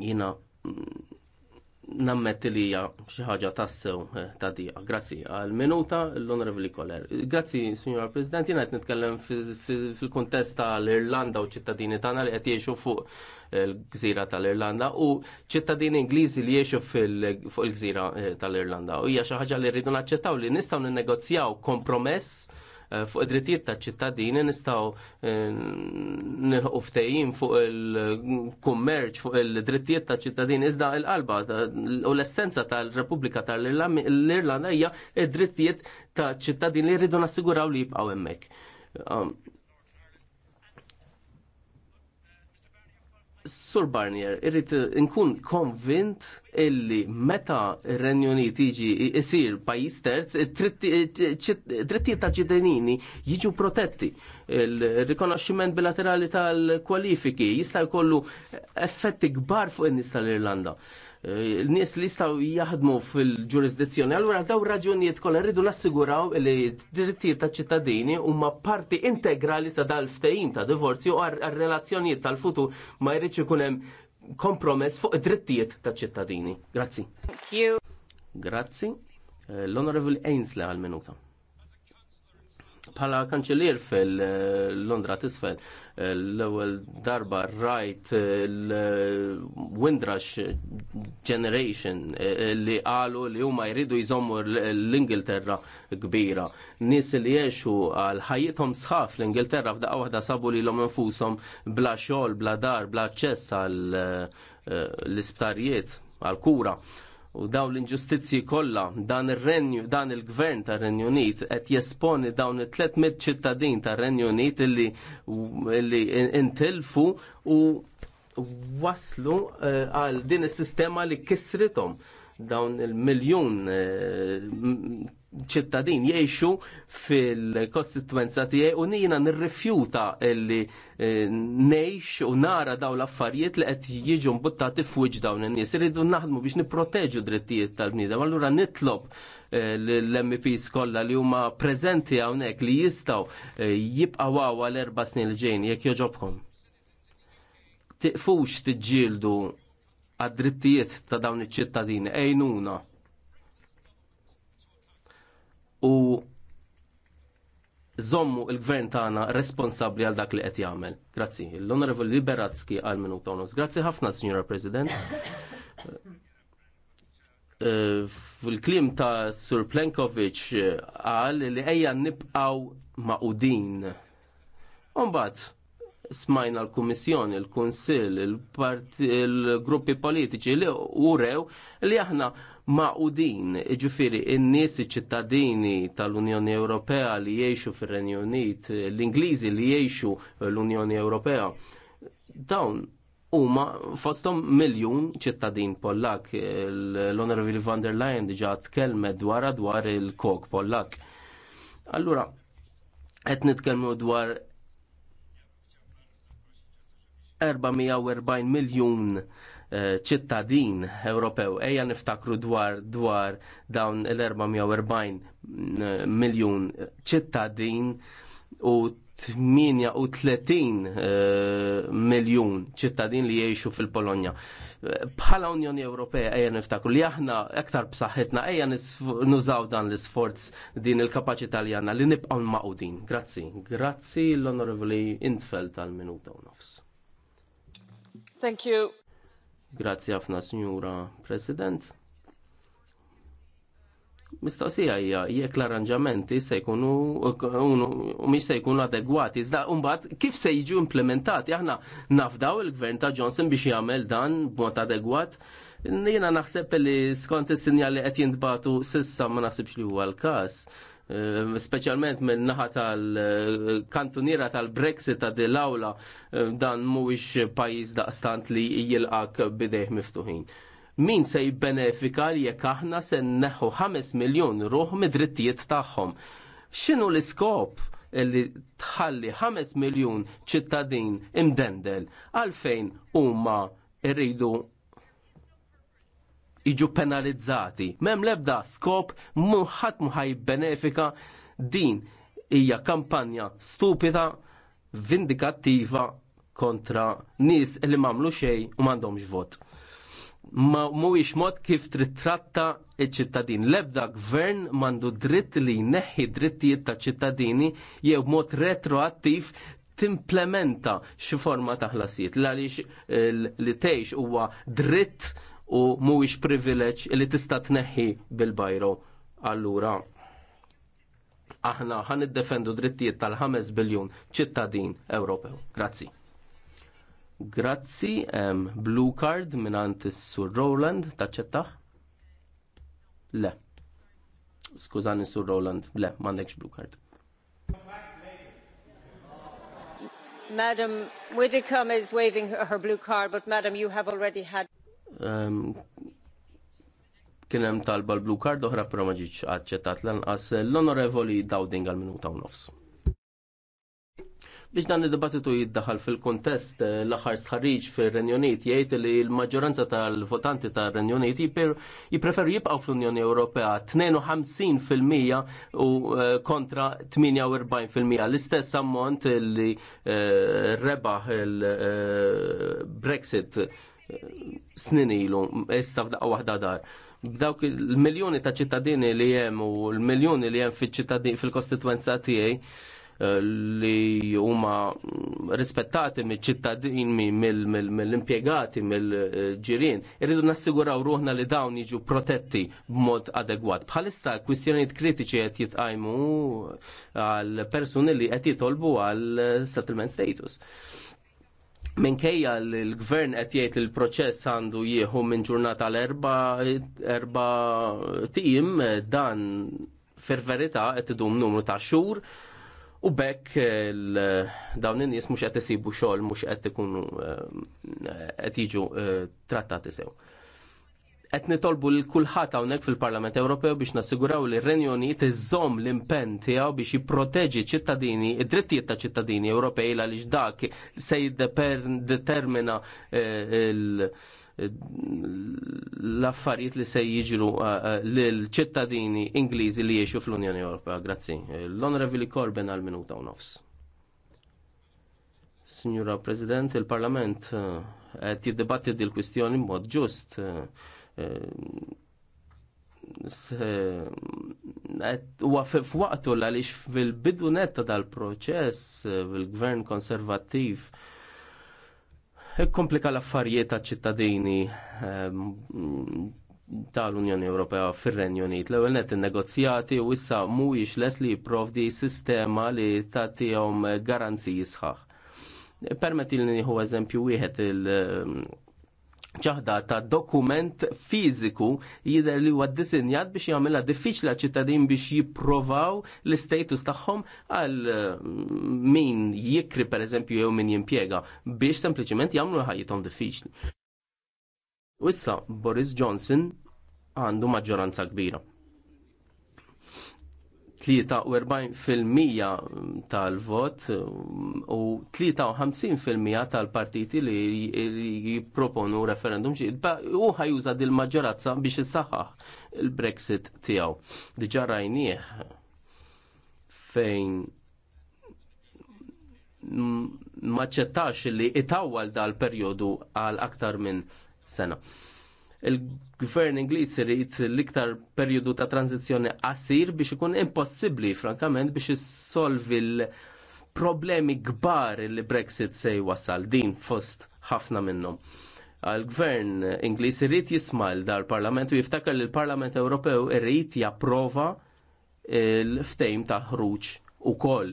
Jina nammet li hija xi ħaġa tassew eh, ta' dija. Grazzi għal minuta l-Onorevoli Koller. Grazzi, Signora President, jiena qed nitkellem fil-kuntest tal-Irlanda u ċittadini tagħna li qed jgħixu fuq il gżira tal-Irlanda u ċittadini Ingliżi li jiexu fuq il-gżira eh, tal-Irlanda. U hija xi ħaġa li rridu naċċettaw li nistgħu ninnegozjaw kompromess Eh, fuq id-drittijiet ta' ċittadini nistaw eh, nilħu ftejjin fuq il-kummerċ, fuq il-drittijiet ta' ċittadini, iżda l-qalba u l-essenza tal-Repubblika tal-Irlanda hija id-drittijiet ta' ċittadini li rridu nassiguraw li jibqaw hemmhekk. Um, Sur Barnier, irrit nkun konvint illi meta Renju Unit jiġi isir pajis terz, drittijiet ta' ġidenini jiġu protetti. Il-rikonoxximent bilaterali tal-kwalifiki jista' jkollu effetti kbar fuq in-nies tal-Irlanda l-nies li jistaw jaħdmu fil-ġurisdizzjoni, allura daw raġunijiet kollha rridu nassiguraw li d-drittijiet ta' ċittadini huma parti integrali ta' dal-ftehim ta' divorzju u għar-relazzjonijiet tal-futur ma jridx ikun hemm kompromess fuq id-drittijiet ta' ċittadini. Grazzi. Grazzi. Eh, l honorable Ainsle għal-minuta Pala kanċelier fil-Londra tisfel eh, l-ewwel darba rajt eh, l-Windrush Generation eh, eh, li qalu li huma jridu jżommu l-Ingilterra kbira. Nis li jiexu għal ħajjithom sħaf l-Ingilterra f'daqqa waħda sabu li l-om infusom bla xogħol, bla dar, bla ċess għal eh, l-isptarijiet, għal kura. U dawn l-inġustizji kollha dan il renju dan il-Gvern tar renju Unit qed jesponi dawn it-300 ċittadin tar renju Unit illi intilfu u waslu eh, għal din is-sistema li kisrithom dawn il-miljun eh, ċittadin jiexu fil-kostituenza tiegħi u nina nirrifjuta li eh, nejx u nara daw l-affarijiet li qed jiġu mbuttati f'wiġ dawn in-nies. Irridu naħdmu biex nipproteġu drittijiet tal-bniedem. Allura nitlob l-MPs kollha li huma preżenti hawnhekk li jistgħu jibqgħu għal erba' snin l-ġejn jekk joġobkom tiqfux tiġġieldu għad-drittijiet ta' dawn iċ-ċittadini, ejnuna. U zommu il-gvern tagħna responsabbli għal dak li qed jagħmel. Grazzi. L-Onorevoli Liberatski għal minu tonos. Grazzi ħafna, Signora President. Eh, fil-klim ta' Sur Plenkovic eh, għal li ejja nibqaw maqudin. Umbat, smajna l-Kummissjoni, l-Kunsill, il-gruppi politiċi li urew li aħna maqudin, ġifiri, in-nies ċittadini tal-Unjoni Ewropea li jiexu fir-Renju Unit, l-Ingliżi li jiexu l-Unjoni Ewropea, dawn huma fostom miljun ċittadin Pollak. L-Onorevoli van der Leyen diġa tkellmet dwar dwar il-kok Pollak. Allura, qed nitkellmu dwar 440 miljun eh, ċittadin Ewropew. Ejja niftakru dwar dwar dawn l-440 eh, miljun ċittadin u 38 eh, miljun ċittadin li jiexu fil-Polonja. Bħala Unjoni Ewropea ejja niftakru li aħna aktar b'saħħitna ejja nużaw dan l-isforz din il-kapaċità li għanna li nibqgħu maqudin. Grazzi. Grazzi l-Onorevoli Intfeld tal-minuta u nofs. Thank you. Grazzi ħafna, Sinjura President. Mistoqsija hija jekk l-arranġamenti se jkunu u mhix se jkunu adegwati, iżda mbagħad kif se jiġu implementati aħna nafdaw il-gvern ta' Johnson biex jagħmel dan b'mod adegwat. Jiena naħseb li skont is-sinjali qed jintbagħtu sissa ma naħsibx li huwa l-każ Eh, specialment minn naħa tal-kantuniera eh, tal-Brexit ta' dil-awla eh, dan mhuwiex pajjiż daqstant li jilqak bidejh miftuħin. Min se jibbenefika li jekk aħna se neħu 5 miljun ruħ mid-drittijiet tagħhom. X'inhu l-iskop li tħalli 5 miljun ċittadin imdendel għalfejn huma rridu jiġu penalizzati. Mem lebda skop muħat muħaj benefika din hija kampanja stupida, vindikattiva kontra nis li mamlu xej u mandomx vot. Ma mhuwiex mod kif trittratta iċ-ċittadin. Lebda gvern mandu dritt li neħi drittijiet ta' ċittadini jew mod retroattiv timplementa xi forma ta' ħlasijiet eh, l għaliex li tgħix huwa dritt u mhuwiex privileġġ li tista' tneħħi bil-bajro. Allura aħna ħan iddefendu drittijiet tal-5 biljun ċittadin Ewropew. Grazzi. Grazzi, um, blue card minant sur Rowland, taċċettaħ? Le. Skużani sur Rowland, le, m'għandekx blue card. Madam Widdicombe is waving her blue card, but Madam, you have already had Ehm, Kien hemm talba l-blu card uħra però ma ġietx l-anqas l-onorevoli Dawding għal minuta u nofs. Biex dan id-dibattitu jiddaħal fil-kontest eh, l-aħħar stħarriġ fir-Renju Unit jgħid li l-maġġoranza tal-votanti tar-Renju jipreferu jibqaw jibqgħu fl-Unjoni Ewropea 52% u eh, kontra 48% l-istess ammont li eh, rebaħ il-Brexit snin ilu, issa f'daqqa waħda dar. B'dawk il-miljoni ta' ċittadini li hemm u l-miljoni li hemm fil kostituenza fil-kostituenza tiegħi eh, li huma rispettati mill-ċittadin mill-impjegati mill ġirin irridu nassiguraw ruħna li dawn jiġu protetti b'mod adegwat. Bħalissa kwistjonijiet kritiċi qed jitqajmu għal persuni li qed jitolbu għal settlement status. Minkejja l-gvern qed jgħid il proċess għandu jieħu minn ġurnata l erba erba tim dan fil-verità qed idum numru ta' xhur u bekk dawn in-nies mhux qed isibu xogħol mhux qed ikunu eh, qed jiġu eh, trattati sew qed nitolbu l kulħadd hawnhekk fil-Parlament Ewropew biex nassiguraw li r-Renju Unit iżżomm l-impenn tiegħu biex jipproteġi ċittadini, id-drittijiet ta' ċittadini Ewropej għaliex dak se jiddetermina eh, l-affarijiet li se jiġru eh, l-ċittadini Ingliżi li jiexu fl-Unjoni Ewropea. Grazzi. L-Onorevoli Corbyn għal minuta u nofs. Signora President, il-Parlament eh, qed jiddibatti dil-kwistjoni mod ġust. Uh, Eh, eh, huwa f'waqtu għaliex fil-bidu netta dal-proċess eh, fil-gvern konservativ komplika l-affarijiet ta' ċittadini tal-Unjoni Ewropea fir-Renju Unit. L-ewwel net in-negozjati u issa mhuwiex les li jipprovdi sistema li tagħtihom garanziji sħaħ. Permetti li nieħu eżempju wieħed il- ċaħda ta' dokument fiziku jidher li huwa ddisinjat biex jagħmilha diffiċli ċittadin biex jipprovaw l-istatus tagħhom għal mm, min jikri pereżempju jew min jimpjega biex sempliċement jagħmlu ħajjithom diffiċli. U issa Boris Johnson għandu maġġoranza kbira. 43% tal-vot um, u 53% tal-partiti li jipproponu referendum ġid u ħajuża dil-maġġoranza biex issaħħaħ il-Brexit tiegħu. Diġà rajnieh fejn maċċettax li itawwal dal-perjodu għal aktar minn sena il-gvern Ingliż irid l-iktar perjodu ta' tranzizzjoni qasir biex ikun impossibbli frankament biex issolvi l-problemi kbar li Brexit se jwasal din fost ħafna minnhom. Għal-gvern Ingliż irid jisma' dal-Parlament u jiftakar li l-Parlament Ewropew irid japprova l-ftejm ta' ħruġ ukoll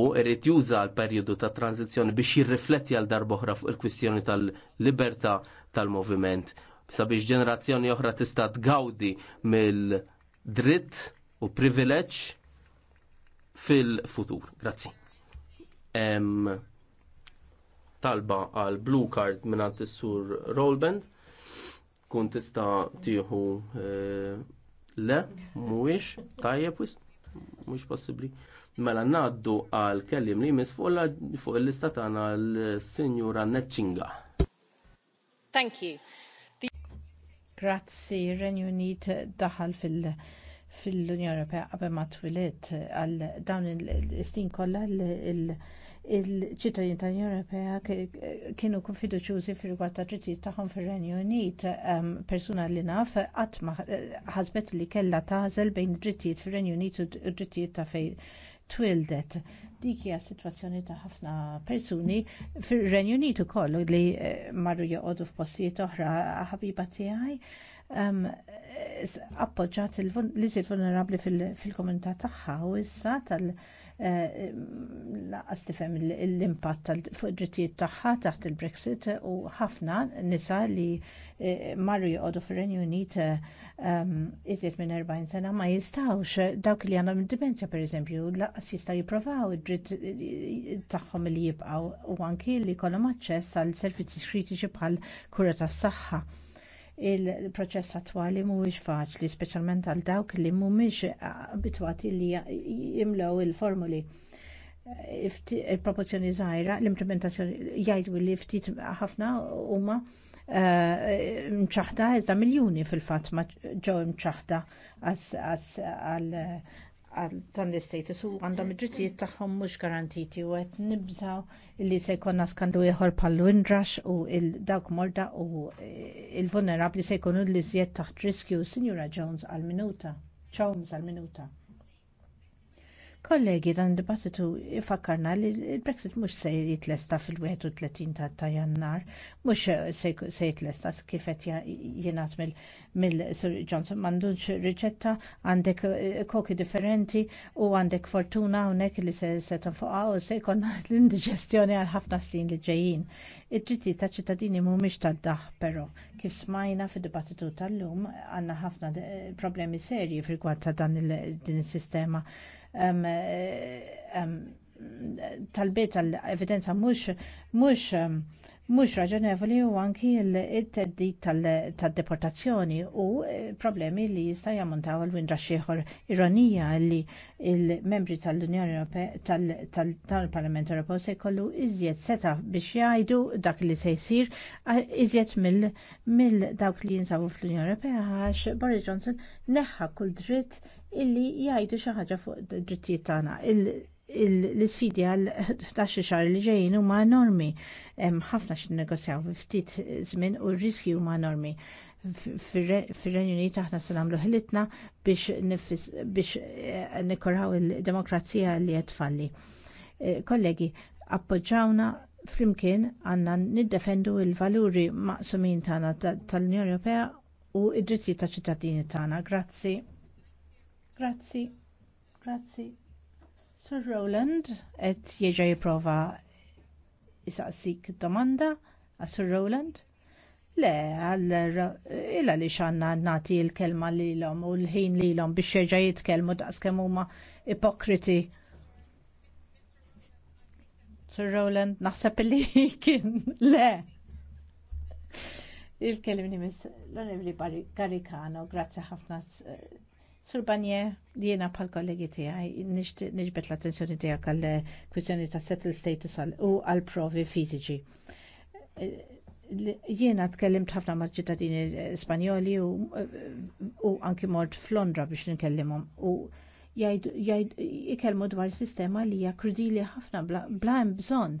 u irid juża l-perjodu ta' tranzizzjoni biex jirrifletti għal darboħra fuq il-kwistjoni tal-libertà tal-moviment sabiex ġenerazzjoni oħra tista' tgawdi mill-dritt u privileġġ fil-futur. Grazzi. Em, talba għal blue card minnant is-sur Rollband kun tista tieħu eh, le, mhuwiex tajjeb wis, mhuwiex possibbli. Mela ngħaddu għal kellim li mis fuq il-lista tagħna l-Sinjura Neċinga. Thank you. Grazzi, Renju Unit daħal fil- fil-Unjoni Ewropea qabel ma twilet għal dawn il-istin kollha il-ċittadini tal-Unjoni Ewropea kienu kun fiduċjużi fil-rigward ta' drittijiet tagħhom fir-Renju Unit persuna li naf qatt ma ħasbet li kellha tażel bejn id-drittijiet fir-Renju Unit u drittijiet ta' fejn twildet dik hija sitwazzjoni ta' ħafna persuni fir-Renju Unitu kollu li eh, marru joqogħdu f'postijiet oħra ħabiba tiegħi ehm, appoġġat l-iżjed vulnerabbli fil-komunità tagħha u issa tal- Eh, laqas tifhem l-impatt fuq id-drittijiet tagħha taħt il-Brexit u ħafna nisa li eh, marru joqogħdu fir-Renju Unit eh, iżjed minn 40 sena ma jistgħux dawk li għandhom id-dimensja pereżempju laqas jistgħu jippruvaw id-dritt tagħhom li jibqgħu u anki li jkollhom aċċess għal servizzi kritiċi bħal kura tas-saħħa il-proċess attwali mhuwiex faċli, speċjalment għal dawk li mhumiex abitwati li jimlew il-formuli il-proporzjoni żgħira, l-implementazzjoni jgħidu li ftit ħafna huma eh, mċaħda iżda miljuni fil-fatt ma ġew mċaħda għal l istatus u għandhom id-drittijiet tagħhom mhux garantiti u qed nibżaw li se jkollna skandu ieħor bħal windrax u dawk morda u e, il-vulnerabbli se jkunu l-iżjed taħt riskju. Sinjura Jones għal-minuta. Jones għal-minuta. Kollegi, dan dibattitu ifakkarna li il-Brexit mhux se jitlesta fil-31 ta' jannar, mhux se jitlesta kifet jenat mill-Sir Johnson. M'għandux riċetta, għandek eh, koki differenti u għandek fortuna hawnhekk li se se fuqa u se jkollna l-indigestjoni għal ħafna snin li ġejjin. Iġġiti ta' ċittadini mhumiex ta' daħ però kif smajna fid-dibattitu tal-lum għandna ħafna eh, problemi serji fil ta' dan din is-sistema talbiet tal-evidenza mux, mux, mhux raġonevoli u anki il-teddit tal-deportazzjoni u eh, problemi li jista' jammontaw l windra ironija li il-membri tal-Unjoni Ewropea tal-Parlament Ewropew se jkollu iżjed seta' biex jgħidu dak li se jsir iżjed mill dawk li jinsabu fl-Unjoni Ewropea għax Boris Johnson neħħa kull dritt illi jgħidu xi ħaġa fuq id-drittijiet tagħna. l isfidi għal xi xahar li ġejjin huma enormi. Ħafna x'negozjaw ftit żmien u r-riski huma enormi fir renju Unit aħna se nagħmlu ħilitna biex eh, nikkoraw il-demokrazija li qed tfalli. Eh, kollegi, appoġġawna flimkien għandna niddefendu l valuri maqsumin tagħna tal-Unjoni Ewropea u id-drittijiet ta' ċittadini tagħna. Grazzi. Grazzi, grazzi. Sir Rowland, et jieġa jiprofa jisaqsik domanda, għas Sir Rowland? Le, illa li xanna nati il-kelma li l-om u l-ħin li l-om biex jieġa jitkelmu daqs kemuma ipokriti. Sir Rowland, naħseb li kien, le. il kelmini mis l-onibli karikano, grazie ħafna Sur Banje, jiena bħal kollegi tiegħi niġbet l-attenzjoni tiegħek għal eh, kwestjoni ta' settle status u għal provi fiżiċi. Eh, jiena tkellimt ħafna ma' ċittadini eh, Spanjoli u anki mort f'Londra biex nkellimhom u jgħid dwar sistema li hija krudili ħafna bla hemm bżonn.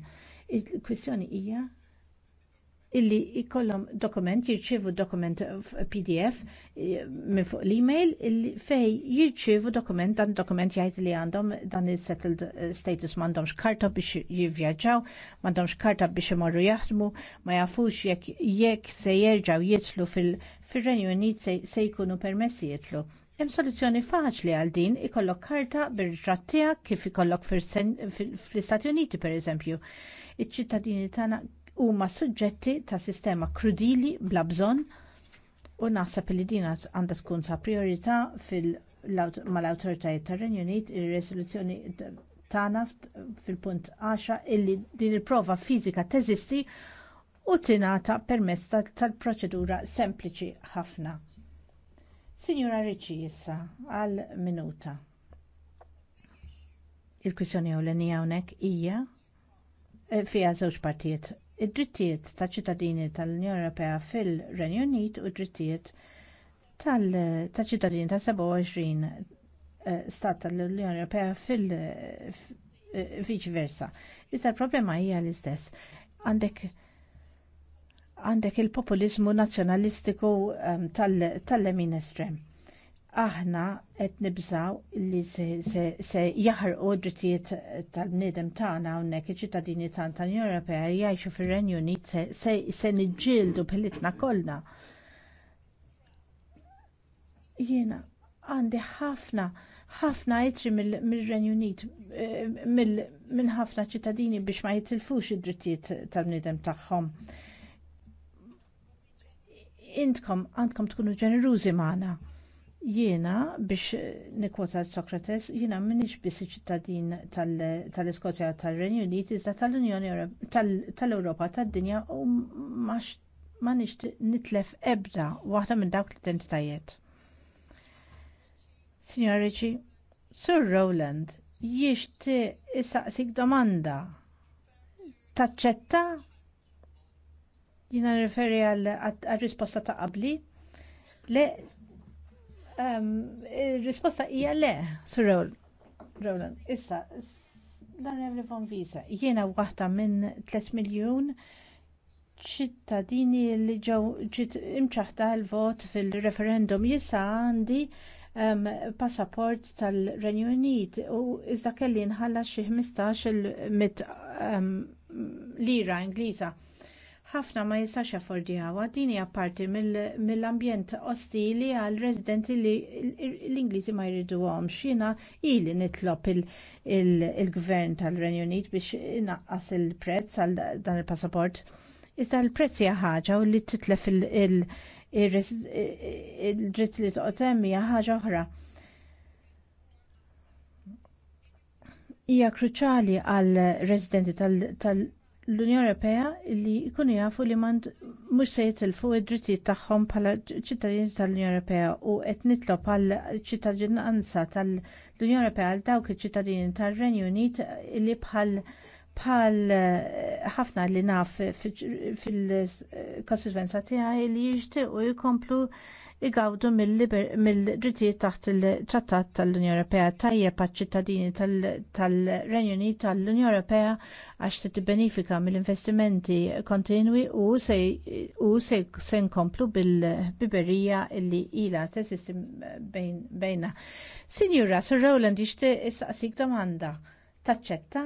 Il-kwistjoni hija illi jkollhom dokument, jirċievu dokument PDF minn fuq l-email, fej jirċievu dokument, dan dokument jgħajt li għandhom dan il-settled eh, status m'għandhomx karta biex jivvjaġġaw, m'għandhomx karta biex imorru jaħdmu, ma jafux jekk jekk se jerġgħu jitlu fil-Renju Unit se jkunu permessi jitlu. Hemm soluzzjoni faċli għal din ikollok karta bir-ritratt tiegħek kif ikollok fl-Istati Uniti pereżempju. Iċ-ċittadini tagħna huma suġġetti ta' sistema krudili bla bżonn u naħseb li din għandha tkun ta' priorità mal-awtoritajiet tar-Renju Unit ir-resoluzzjoni tagħna fil-punt 10 illi din il-prova fiżika teżisti u tingħata permezz tal-proċedura sempliċi ħafna. Signora Ricci issa għal minuta. Il-kwissjoni ewlenija hawnhekk hija eh, fiha żewġ partijiet id-drittijiet ta' ċittadini tal-Unjoni Ewropea fil-Renju Unit u d-drittijiet ta' ċittadini ta' 27 eh, stat tal-Unjoni Ewropea fil- eh, viċ versa. Issa l-problema hija l-istess. Għandek għandek il-populizmu nazzjonalistiku ehm, tal-lemin estrem aħna qed nibżaw li se, se, se jaħarqu drittijiet tal-bniedem tagħna hawnhekk iċ-ċittadini tagħna tal-Ewropea jgħixu fir-Renju Unit se, se, se niġġieldu b'ħilitna kollha. Jiena għandi ħafna ħafna jitri mill-Renju Unit eh, minn ħafna ċittadini biex ma jitilfux id-drittijiet tal-bniedem tagħhom. Intkom għandkom tkunu ġenerużi magħna Jiena biex nikwota Sokrates, jiena minix biss ċittadin tal-Iskozja tal-Renju Unit, iżda tal-Unjoni tal-Europa tad-dinja u ma nix nitlef ebda waħda minn dawk l-identitajiet. Signor Ricci, Sir Rowland, ti issaqsik domanda. Taċċetta? Jiena nirreferi għal risposta ta' qabli? Le, risposta hija le, Sir Rowland. Issa, l-għanevri von visa, jiena waħda minn 3 miljon ċittadini li ġew imċaħta l-vot fil-referendum jissa għandi um, passaport tal-Renju Unit u iżda kelli nħalla xi 15 il-mit um, lira Ingliża ħafna ma jistax affordjawa din hija parti mill-ambjent ostili għal residenti li l-Ingliżi ma jriduhomx. Jiena ili nitlob il-Gvern tal-Renju Unit biex inaqqas il-prezz għal dan il-passaport. Iżda l-prezz hija ħaġa u li titlef il-dritt li toqgħod hemm hija ħaġa oħra. Hija kruċjali għal residenti tal-Unjoni l-Unjoni Ewropea li jkunu jafu li mand mhux se jitilfu id-drittijiet tagħhom bħala ċittadini tal-Unjoni Ewropea u qed nitlob għal ċittadinanza tal-Unjoni Ewropea għal dawk iċ-ċittadini tar-Renju Unit li bħal bħal ħafna li naf fil-konsistwenza tiegħi li jixtiequ jkomplu igawdu mill-drittijiet taħt il-Trattat tal-Unjoni Ewropea tajjeb għaċ-ċittadini tal-Renju Unit tal-Unjoni Ewropea għax se tibbenifika mill-investimenti kontinwi u se nkomplu bil-biberija li ila teżisti bejna. Sinjura, Sir Rowland jixtieq issaqsik domanda. Taċċetta?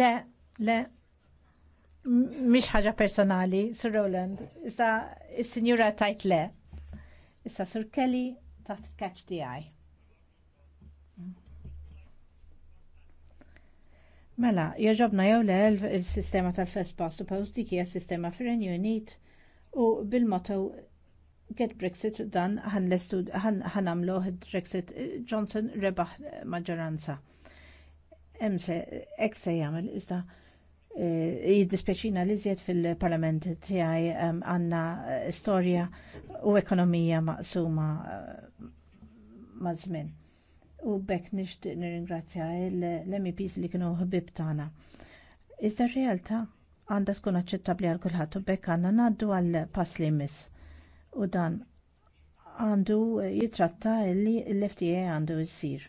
Le, le, Mish ħaġa personali, Sir Roland, issa is signura tajt le. Issa Sir Kelly taħt Catch the eye. Mela, jaġobna jew le il-sistema tal-Fest Past Post dik hija sistema fir-Renju Unit u bil-motto Get Brexit dan ħan għamlu Brexit Johnson rebaħ maġġoranza. Emse, ek se jagħmel iżda Eh, jiddispeċina li zjed fil-parlament tijaj għanna eh, storja u ekonomija maqsuma eh, mażmin. U bekk nir nirringrazzja l-MEPs li kienu ħbib tagħna. Iżda r-realtà għandha tkun aċċettabbli għal kulħadd u bekk għandna ngħaddu għal pass li jmiss. U dan għandu jitratta li l-FTA għandu jissir.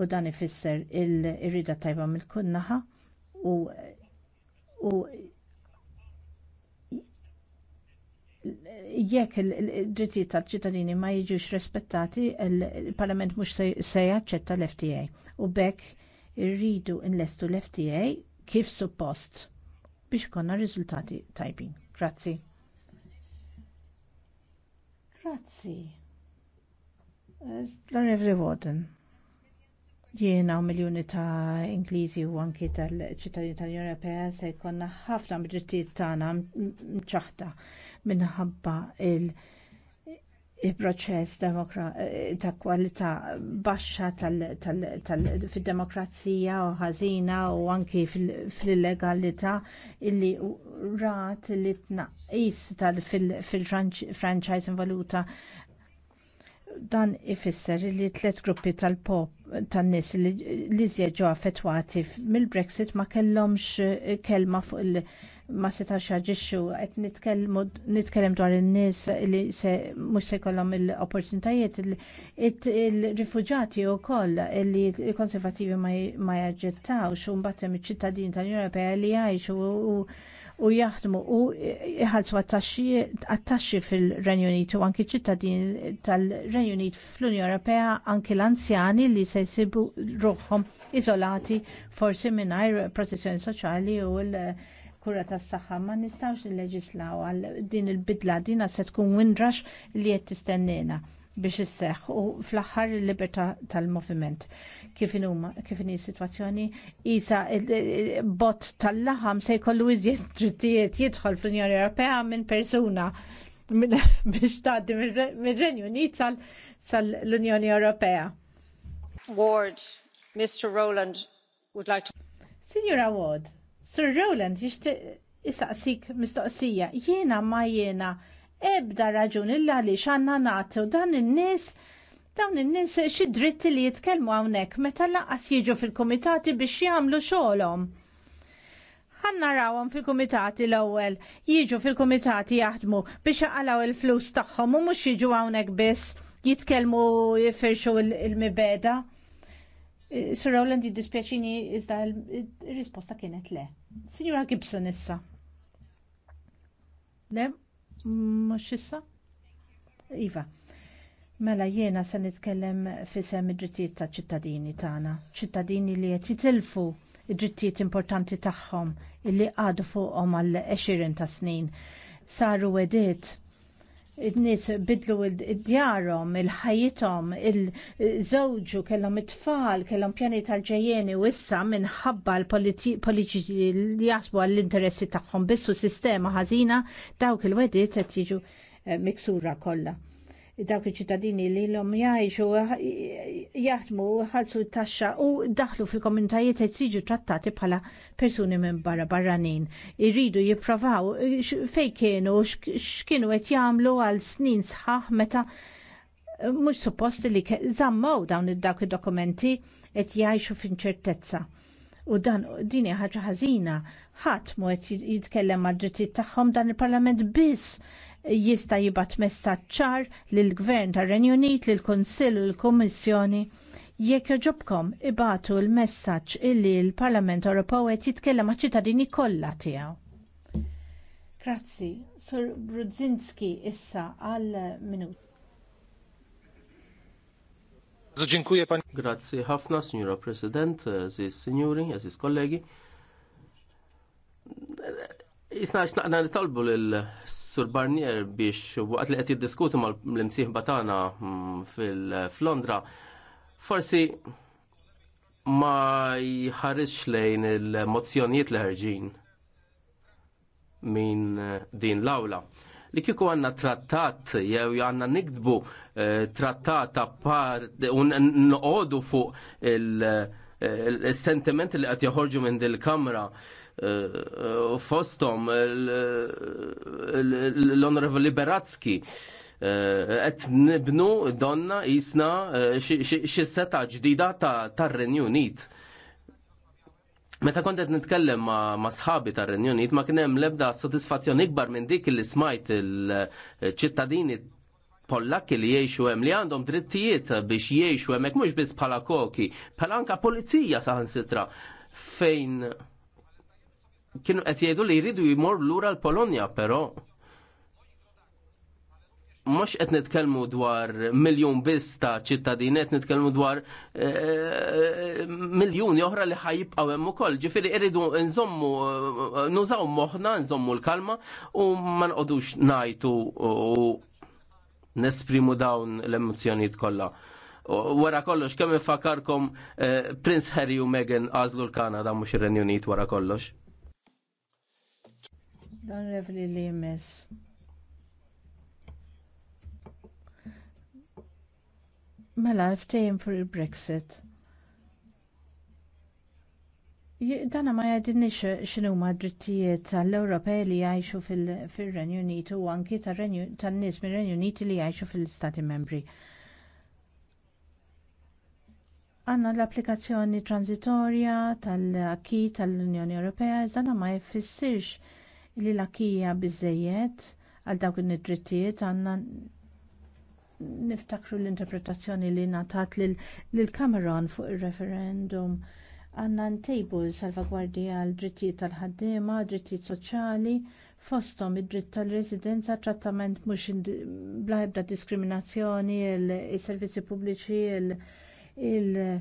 U dan ifisser il-rida tajba mill-kunnaħa u u jekk il-drittijiet tal-ċittadini ma jiġux rispettati, il-Parlament mhux se jaċċetta l-FTA u bekk irridu nlestu l-FTA kif suppost biex konna riżultati tajbin. Grazzi. Grazzi. L-Onorevoli Warden. Jiena u miljoni ta' Ingliżi u anki tal-ċittadini tal-Ewropea se jkollna ħafna mid-drittijiet tagħna mċaħta minħabba il-proċess ta' kwalità baxxa fid-demokrazija u ħażina u anki fil-illegalità illi rat li tnaqqis fil-franchise involuta dan ifisser li tliet gruppi tal-pop tan-nies li żjeġu affettwati mill-Brexit ma kellhomx eh, kelma fuq il- ma setax jaġixxu qed nitkellem dwar in-nies li se mhux se jkollhom il opportunitajiet il-rifuġati wkoll li l-konservattivi ma jaġġettawx u mbagħad il iċ-ċittadini tal-Ewropea li jgħixu u u jaħdmu u iħalsu għattaxxi fil-Renju Unit u anki ċittadini tal-Renju Unit fl-Unjoni Ewropea anki l-anzjani li se jsibu ruhom iżolati forsi mingħajr protezzjoni soċjali u l-kura tas saħħa ma nistgħux leġislaw għal din il-bidla din se tkun windrax li qed tistennina biex isseħħ u fl-aħħar il-libertà tal-moviment. Kif inhi s-sitwazzjoni isa bot tal-laħam se jkollu iżjed drittijiet jidħol fl-Unjoni Ewropea minn persuna biex tgħaddi mir-Renju Unit sal-Unjoni Ewropea. Ward, Mr. Rowland would like to. Signora Ward, Sir Rowland jixtieq isaqsik mistoqsija, jiena ma jiena ebda raġun illa li xanna natu dan in-nies dawn in-nies xi dritti li jitkellmu hawnhekk meta laqas jiġu fil-kumitati biex jagħmlu xogħolhom. Ħanna narawhom fil-kumitati l-ewwel, jiġu fil-kumitati jaħdmu biex jaqalaw il-flus tagħhom u mhux jiġu hawnhekk biss jitkellmu jifirxu il-mibeda. Eh, Sir Rowland jiddispjaċini iżda il-risposta kienet le. Signora Gibson issa. Le? Mhux issa? Iva. Mela jiena se nitkellem fisem id-drittijiet ta' ċittadini tagħna, ċittadini li qed jitilfu id-drittijiet importanti tagħhom illi għadu fuqhom għal 20 ta' snin. Saru wedet id-nis bidlu id-djarom, il-ħajitom, il-żewġu, kellhom it-tfal, kellhom pjani tal ġejjieni u issa minħabba l-politiċi li jasbu għall-interessi tagħhom biss u sistema ħażina dawk il wegħdiet qed jiġu eh, miksura kollha dawk iċ-ċittadini li l-om jgħajxu jaħdmu ħalsu t-taxxa u daħlu fil-komunitajiet qed jiġu trattati bħala persuni minn barra barranin. Irridu jipprovaw fej kienu x'kienu qed jagħmlu għal snin sħaħ meta mhux suppost li żammaw dawn id-dawk id-dokumenti qed jgħixu f'inċertezza. U dan din ħaġa ħażina ħadd mu qed jitkellem mad drittijiet tagħhom dan il-Parlament biss jista jibat messaċċar l-Gvern tar renju Unit, l-Konsil u l kummissjoni jekk joġobkom ibatu l-messaġġ illi l-Parlament Ewropew qed jitkellem maċ-ċittadini kollha tiegħu. Grazzi, Sur Brudzinski issa għal minut. Grazzi Grazie ħafna, Signora President, eh, Aziz Signori, Aziz Kollegi. Isna xnaqna li talbu l-Sur Barnier biex waqt li qed jiddiskutu mal-imsieħ batana mm, fil-Londra, forsi ma jħarriġx lejn il-mozzjonijiet li ħarġin minn eh, din l-awla li kiku għanna trattat, jew għanna nikdbu eh, trattat appar par, un fuq il-sentiment li għat joħorġu minn dil-kamra Eh, eh, fostom l-Onorevoli Liberatski qed eh, nibnu donna jisna xi seta ġdida tar-Renju Unit. Meta kont qed nitkellem ma', ma sħabi tar-Renju Unit ma kien hemm l-ebda sodisfazzjoni ikbar minn dik li smajt il-ċittadini Pollakki li jiexu hemm li għandhom drittijiet biex jiexu hemmhekk mhux biss bħala koki, bħala anke pulizija saħansitra fejn kienu qed jgħidu li jridu jmorru lura l-Polonja, però mhux qed nitkellmu dwar miljun biss ta' ċittadini, qed nitkellmu dwar eh, eh, miljuni oħra li ħajibqgħu hemm ukoll. Ġifieri irridu nżommu eh, nużaw moħħna, nżommu l-kalma u ma nqogħdux ngħidu u nesprimu dawn l-emozjonijiet kollha. Wara kollox kemm ifakarkom Prince Harry u Meghan għażlu l-Kanada mhux ir-Renju Unit wara kollox. Dan onorevoli li jemess. Mela, ftejn fuq il-Brexit. Dana ma jadinni xinu ma drittijiet tal-Ewropej li jgħixu fil-Renju Unitu u anki tal-nis mir renju Uniti li jgħajxu fil-Stati membri. Għanna l-applikazzjoni transitorja tal-akki tal-Unjoni Ewropea, iżda ma jfissirx li l-akija bizzejiet għal dawk id-drittijiet għandna niftakru l-interpretazzjoni li ngħatat lill Cameron fuq ir referendum għandna ntejbu salvagwardja għal drittijiet tal-ħaddiema, drittijiet soċjali, fosthom id-dritt tal-residenza, trattament mhux bla ebda diskriminazzjoni, is servizzi pubbliċi, il-, il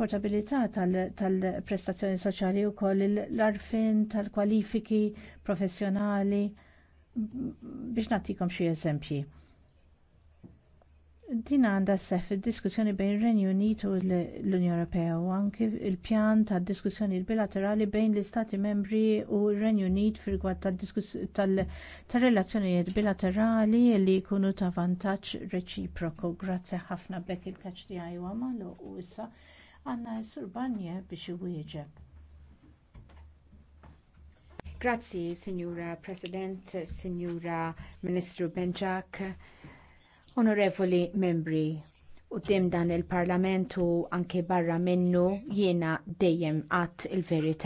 portabilità tal-prestazzjoni soċjali wkoll l-arfin tal-kwalifiki professjonali biex nagħtikom xi eżempji. Din għandha sseħħ id-diskussjoni bejn ir-Renju Unit u l-Unjoni Ewropea u anki l pjan tad diskussjoni bilaterali bejn l-Istati membri u r-Renju Unit firgwad ta' relazzjonijiet bilaterali li jkunu ta' vantaġġ reċiproku. Grazzi ħafna bekk il-kaċ tiegħi u għamalu u issa għanna jessur surbanje biex iwieġeb. Grazzi, Signora President, Signora Ministru Benġak, onorevoli membri. U dan il-parlamentu anke barra minnu jiena dejjem għat il-verità